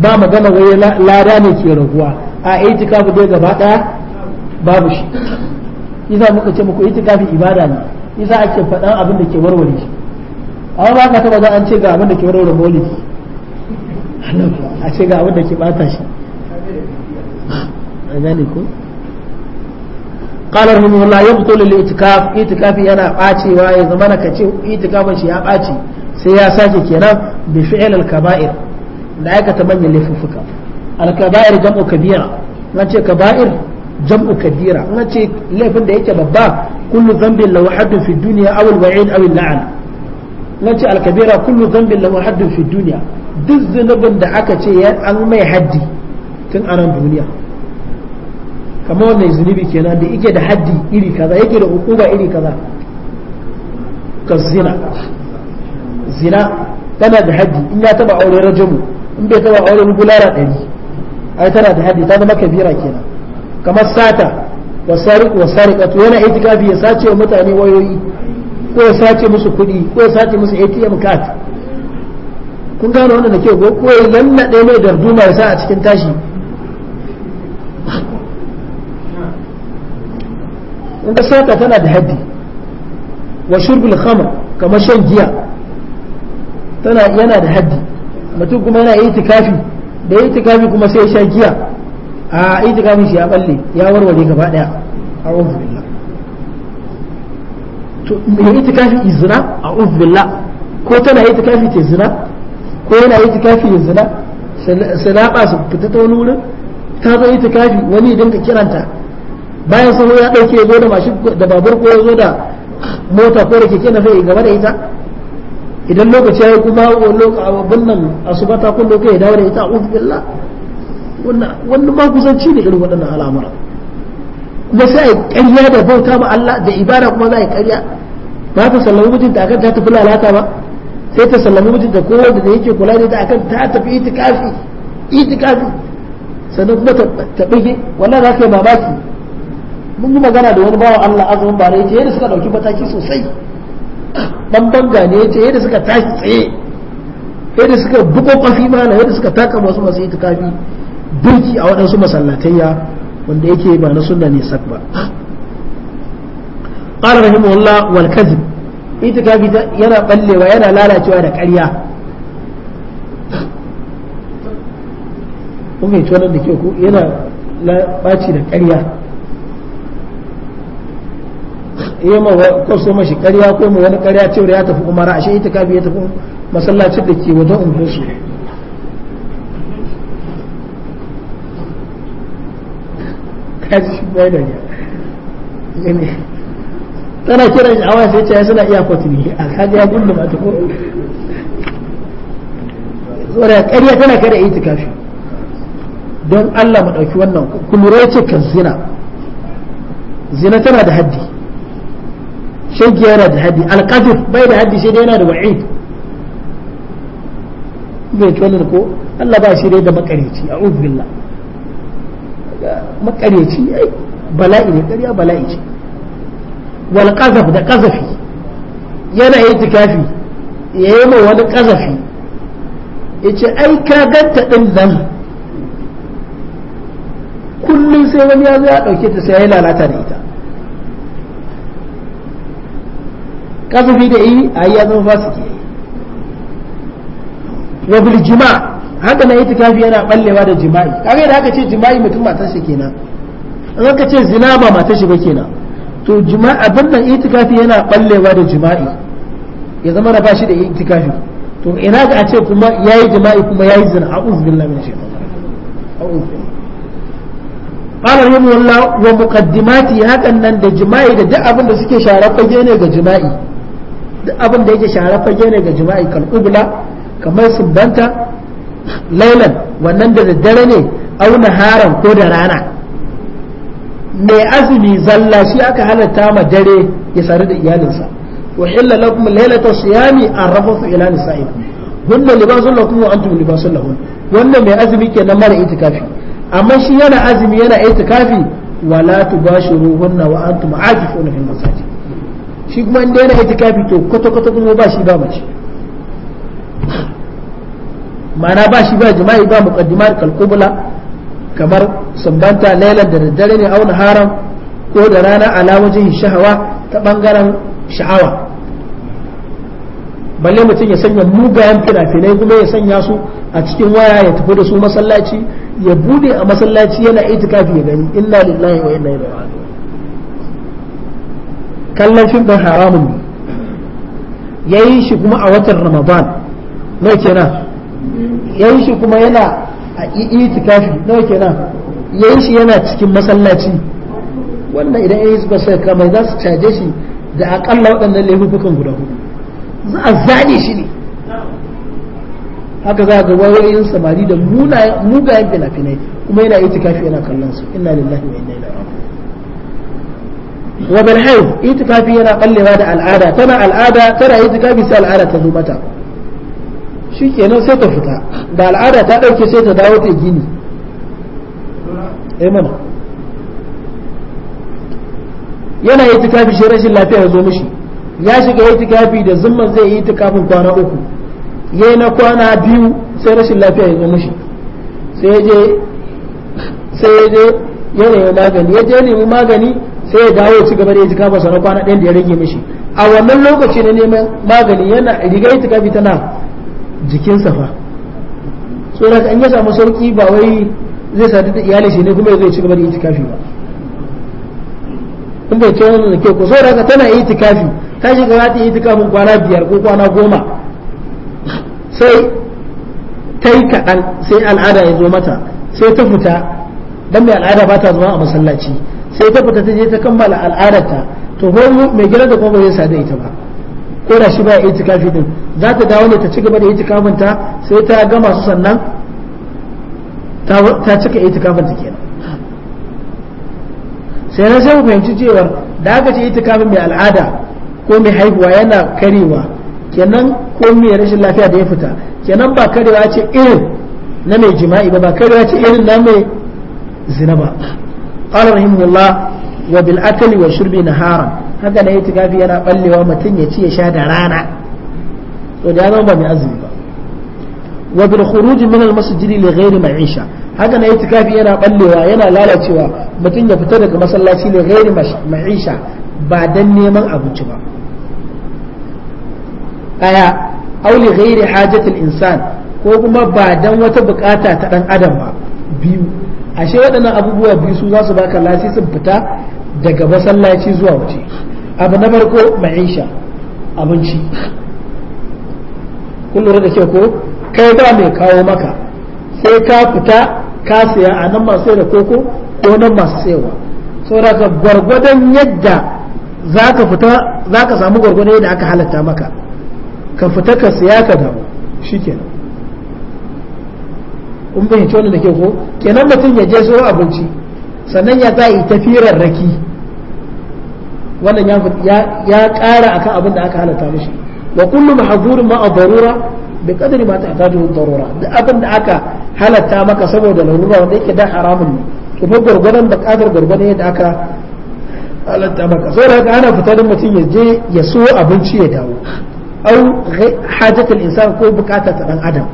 ba magana wai lada ne ke raguwa a itikafi dai gaba daya babu shi idan muka ce muku itikafi ibada ne isa ake faɗan abin da ke warware shi amma ba ka taba za an ce ga abin da ke warware maulidi <laughs> a ce ga abin da ke bata shi a gane ko قال رحمه الله يبطل الاعتكاف اعتكاف yana bacewa ya zama ka ce itikafin shi ya bace sai ya sake kenan bi fi'l al-kaba'ir da aikata manyan laifuffuka al-kaba'ir jam'u kabira na ce kaba'ir jam'u kabira na ce laifin da yake babba kullu dhanbin lahu haddun fi dunya aw al-wa'id aw al-la'an nace al-kabira kullu dhanbin lahu haddun fi dunya duk zunubin da aka ce an mai haddi tun a nan duniya kamar wannan zunubi kenan da yake haddi iri kaza yake da hukuma iri kaza ka zina zina tana da haddi in ya taba aure rajamu in bai taba aure bulara ɗari ai tana da haddi ta zama kabira kenan kamar sata wasariq wasariqatu yana itikafi ya sace wa mutane wayoyi ko ya sace musu kuɗi ko ya sace musu ATM card kun gano wannan da ke ko ko ya lannaɗe mai darduma ya sa a cikin tashi in ka sata tana da haddi wa shurbul khamr kamar shan giya tana yana da haddi mutum kuma yana itikafi da itikafi kuma sai ya sha giya a ita itikafin shi ya balle ya warware gaba daya a'udhu billah to me kafi izina a billah ko tana ita kafi ta zina ko yana itikafi ya zina salaba su fita ta wani wurin ta zo kafi wani idan ka kiranta bayan sun ya dauke ya zo da mashin da babur ko ya zo da mota ko da keke na zai gaba da ita idan lokaci ya yi kuma abin nan asubata kun lokaci ya dawo da ita a billah wannan ma kusanci da irin waɗannan al'amura kuma sai a yi ƙarya da bauta ma Allah da ibada kuma za a yi ƙarya ba ta sallama mijin da akan ta tafi lalata ba sai ta sallama mijin da kowa da yake kula da ita akan ta tafi itikafi itikafi sannan kuma ta bige wallahi za ka yi mamaki mun yi magana da wani bawa Allah azumin bare yace yadda suka dauki mataki sosai dan banga ne yace yadda suka tashi tsaye yadda suka buko kwafi mana yadda suka taka masu masu itikafi birki a waɗansu masallatayya wanda yake ba na sunna ne sak ba qala rahimahullah wal kadhib itikafi yana ballewa yana lalacewa da ƙarya kuma fahimci wannan da ke ku yana ɓaci da ƙarya iya ma ko so mashi ƙarya ko ma wani ƙarya cewa ya tafi umara ashe ita itikafi ya tafi masallacin da ke wajen unguwarsu tana kiran sha'awa sai ce suna iya kwatu ne a kaga ya gunda ba ta ko saboda ƙarya tana kada itikafi don Allah mu ɗauki wannan kulura ce kan zina zina tana da haddi shagi yana da haddi alƙadir bai da haddi sai dai yana da wa'id bai ci ko Allah ba shi dai da makarici a billah makaryaci ai bala'i ne ƙarya bala'i ce wal qazaf da qazafi yana yi tikafi yayi ma wani qazafi yace ai ka ganta din nan kullum sai wani ya zo ya dauke ta sai ya lalata da ita qazafi da yi ai ya zama fasiki wa bil jima' haka na itikafi yana ballewa da jima'i kaga da haka ce jima'i mutum matar shi kenan in aka ce zina ba matar shi ba kenan to jima'i abin nan itikafi yana ballewa da jima'i ya zama na bashi da itikafi to ina ga a ce kuma yayi jima'i kuma yayi zina a billahi min shaitan a'udhu qala yin wallah wa muqaddimati hakan nan da jima'i da duk abin da suke shara fage ne ga jima'i duk abin da yake shara fage ne ga jima'i kal qibla kamar sumbanta lailan wannan da daddare ne au naharan ko da rana mai azumi zalla shi aka halatta ma dare ya sadu da iyalinsa wa hilla lakum lailata siyami arrafu ila nisaikum hunna libasun lakum wa antum libasun lahun wannan mai azumi kenan mara itikafi amma shi yana azumi yana itikafi wala tubashiruhunna wa antum aakifuna fil masajid shi kuma inda yana itikafi to kwata kwata kuma ba shi ba mace ma'ana ba shi ba jima'i ba muqaddimat kalqubla kamar sumbanta lailan da daddare ne auna haram ko da rana ala wajen shahawa ta bangaren sha'awa balle mutum ya sanya mugayen fina-finai kuma ya sanya su a cikin waya ya tafi da su masallaci ya bude a masallaci yana itikafi ya gani inna lillahi wa inna ilaihi kallon fim haramun ne yayi shi kuma a watan ramadan ne kenan yayin shi kuma yana a itikafi nawa kenan yayin shi yana cikin masallaci wannan idan yayin suka sai kamar za su caje shi da akalla waɗannan laifukan guda hudu za a zane shi ne haka za a gaba wayoyin samari da mugayen fina-finai kuma yana itikafi yana kallon su inna lillahi wa inna ilaihi wa bil hayd itikafi yana kallewa da al'ada tana al'ada tana itikafi sai al'ada ta zo mata shi kenan sai ta fita da al'ada ta ɗauke sai ta dawo ta gini eh mana yana yi tikafi shi rashin lafiya ya zo mishi ya shiga yi tikafi da zimman zai yi tikafin kwana uku ya na kwana biyu sai rashin lafiya ya zo mishi sai ya je sai ya je ya magani ya je nemi magani sai ya dawo ci gaba da ya tikafa sana kwana ɗaya da ya rage mishi a wannan lokaci na neman magani yana riga yi tikafi tana jikinsa fa ta an ya samu sauki ba wai zai sadu da iyali shi ne kuma zai ci gaba da itikafi ba inda ke kai wannan da ko tsoron ka tana itikafi ta shiga za ta itikafin kwana biyar ko kwana goma sai ta yi kaɗan sai al'ada ya zo mata sai ta fita dan mai al'ada ba ta zama a masallaci sai ta fita ta je ta kammala al'adarta to ko mai gidan da kuma sa sadu ita ba ko da shi ba ya itikafi din za ta dawo ne ta ci gaba da itikafinta sai ta gama su sannan ta cika kafinta kenan sai na sai mu fahimci cewar da aka ce itikafin mai al'ada ko mai haihuwa yana karewa kenan ko mai rashin lafiya da ya fita kenan ba karewa ce irin na mai jima'i ba ba karewa ce irin na mai zina ba qala rahimahullah wa bil akli wa shurbi naharan haka na itikafi yana ɓallewa mutum ya ci ya sha da rana to ya zama ba mai azumi ba wa bil khuruj min al masjid li ghairi ma'isha haka na itikafi yana ballewa yana lalacewa mutum ya fita daga masallaci li ghairi ma'isha ba dan neman abinci ba aya aw li ghairi hajatil insan ko kuma ba dan wata bukata ta dan adam ba biyu ashe waɗannan abubuwa biyu su za su baka lasisin fita daga masallaci zuwa waje abu na farko ma'isha abinci kun lura da ke ko kai ba mai kawo maka sai ka fita ka siya a nan masu da koko ko nan masu saiwa saboda ka gwargwadon yadda za ka fita za ka samu gwargwadon yadda aka halatta maka ka fita ka siya ka dawo kenan. kun fahimci wani da ke ko kenan mutum ya je so abinci sannan ya za yi tafirar raki wannan ya ƙara akan abin da aka halatta mishi wa kullu mahzurin ma darura bi qadri ma ta'tadu darura duk abin da aka halarta maka saboda larura wanda yake da haramun ne to fa gurgurdan da kadar gurgurdan yadda aka halatta maka saboda haka ana fita da mutum ya je ya so abinci ya dawo au hajatul insan ko bukata ta dan adam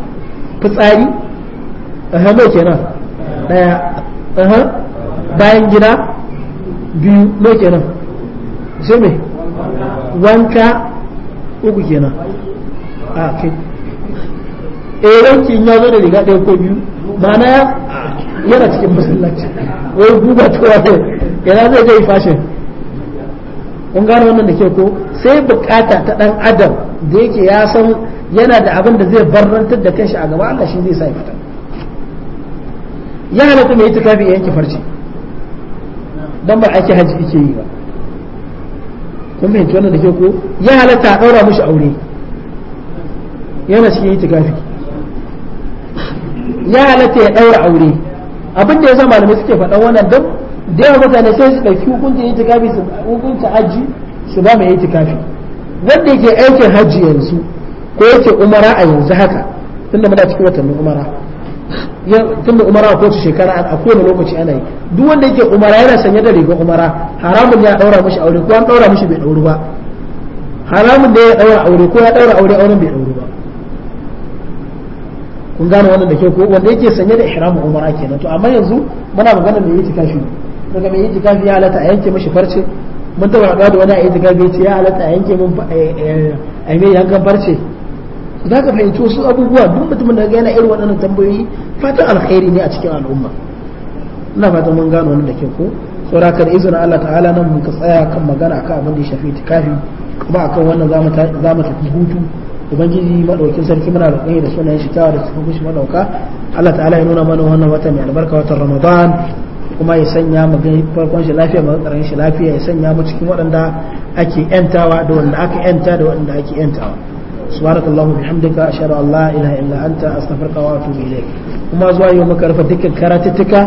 fitsari wanka uku kenan a kai eh wankin ya zo da riga ɗaya ko biyu ma'ana yana cikin musulunci wai guba ta ne yana zai je fashin kun gane wannan da ke ko sai bukata ta dan adam da yake ya san yana da abin da zai barrantar da kai kanshi a gaba Allah shi zai sa ya fita ya halatta mai tukafi yanki farce dan ba ake haji ke yi ba kun fahimci wannan da ke ko ya halatta a ɗaura mushi aure yana cikin itikafi ya halatta ya ɗaura aure abin da ya zama malamai suke faɗa wannan duk da yawa mutane sai su ɗauki yi itikafi su hukunta aji su ba mai itikafi wanda yake aikin hajji yanzu ko yake umara a yanzu haka tunda muna cikin watannin umara tunda umara a kowace shekara a kowane lokaci ana yi duk wanda yake umara yana sanye da riga umara haramun ya daura mishi aure ko an daura mishi bai dauru ba haramun da ya daura aure ko ya daura aure auren bai dauru ba kun gane wannan da ke ko wanda yake sanye da ihramu umara kenan to amma yanzu muna magana mai kafi daga mai kafi ya halatta a yanke mishi farce mun taba da wani a kafi ya halatta a yanke mun eh, eh, a mai yankan farce za ka fahimci wasu abubuwa duk mutumin da ga yana irin waɗannan tambayoyi fatan alkhairi ne a cikin al'umma ina fatan mun gano wani da ke ko saura da izinin Allah ta'ala nan muka tsaya kan magana akan abin da ya shafi tikafi kuma akan wannan za mu tafi hutu ubangiji madaukin sarki muna roƙon da sunayen shi kyawa da cikin kushi madauka Allah ta'ala ya nuna mana wannan watan mai albarka watan Ramadan kuma ya sanya mu gani farkon shi lafiya mu tsaron shi lafiya ya sanya mu cikin waɗanda ake yantawa da wanda aka yanta da waɗanda ake yantawa subhanaka allahumma bihamdika ashhadu an la ilaha illa anta astaghfiruka wa atubu ilaik kuma zuwa yau muka rufe dukkan karatuttuka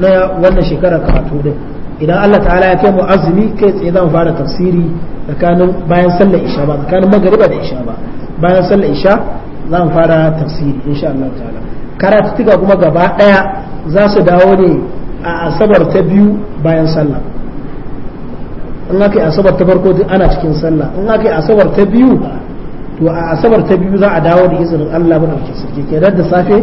na wannan shekarar karatu din idan Allah ta'ala ya kai mu azumi kai tsaye zan fara tafsiri tsakanin bayan sallar isha ba tsakanin magariba da isha ba bayan sallar isha zan fara tafsiri insha Allah ta'ala karatuttuka kuma gaba daya za su dawo ne a asabar ta biyu bayan sallah in aka yi asabar ta farko ana cikin sallah in aka yi asabar ta biyu to a asabar ta biyu za a dawo da izinin Allah mu dauke sarki kenan da safe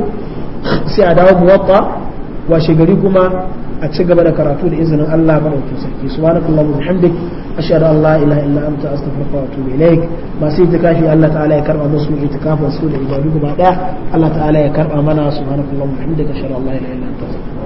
sai a dawo muwatta wa gari kuma a ci gaba da karatu da izinin Allah mu dauke sarki subhanakallahu bihamdik ashhadu an la ilaha illa anta astaghfiruka wa atubu ilaik masu itikafi Allah ta'ala ya karba musu itikafin su da ibadu gaba daya Allah ta'ala ya karba mana subhanakallahu bihamdik ashhadu an la ilaha illa anta astaghfiruka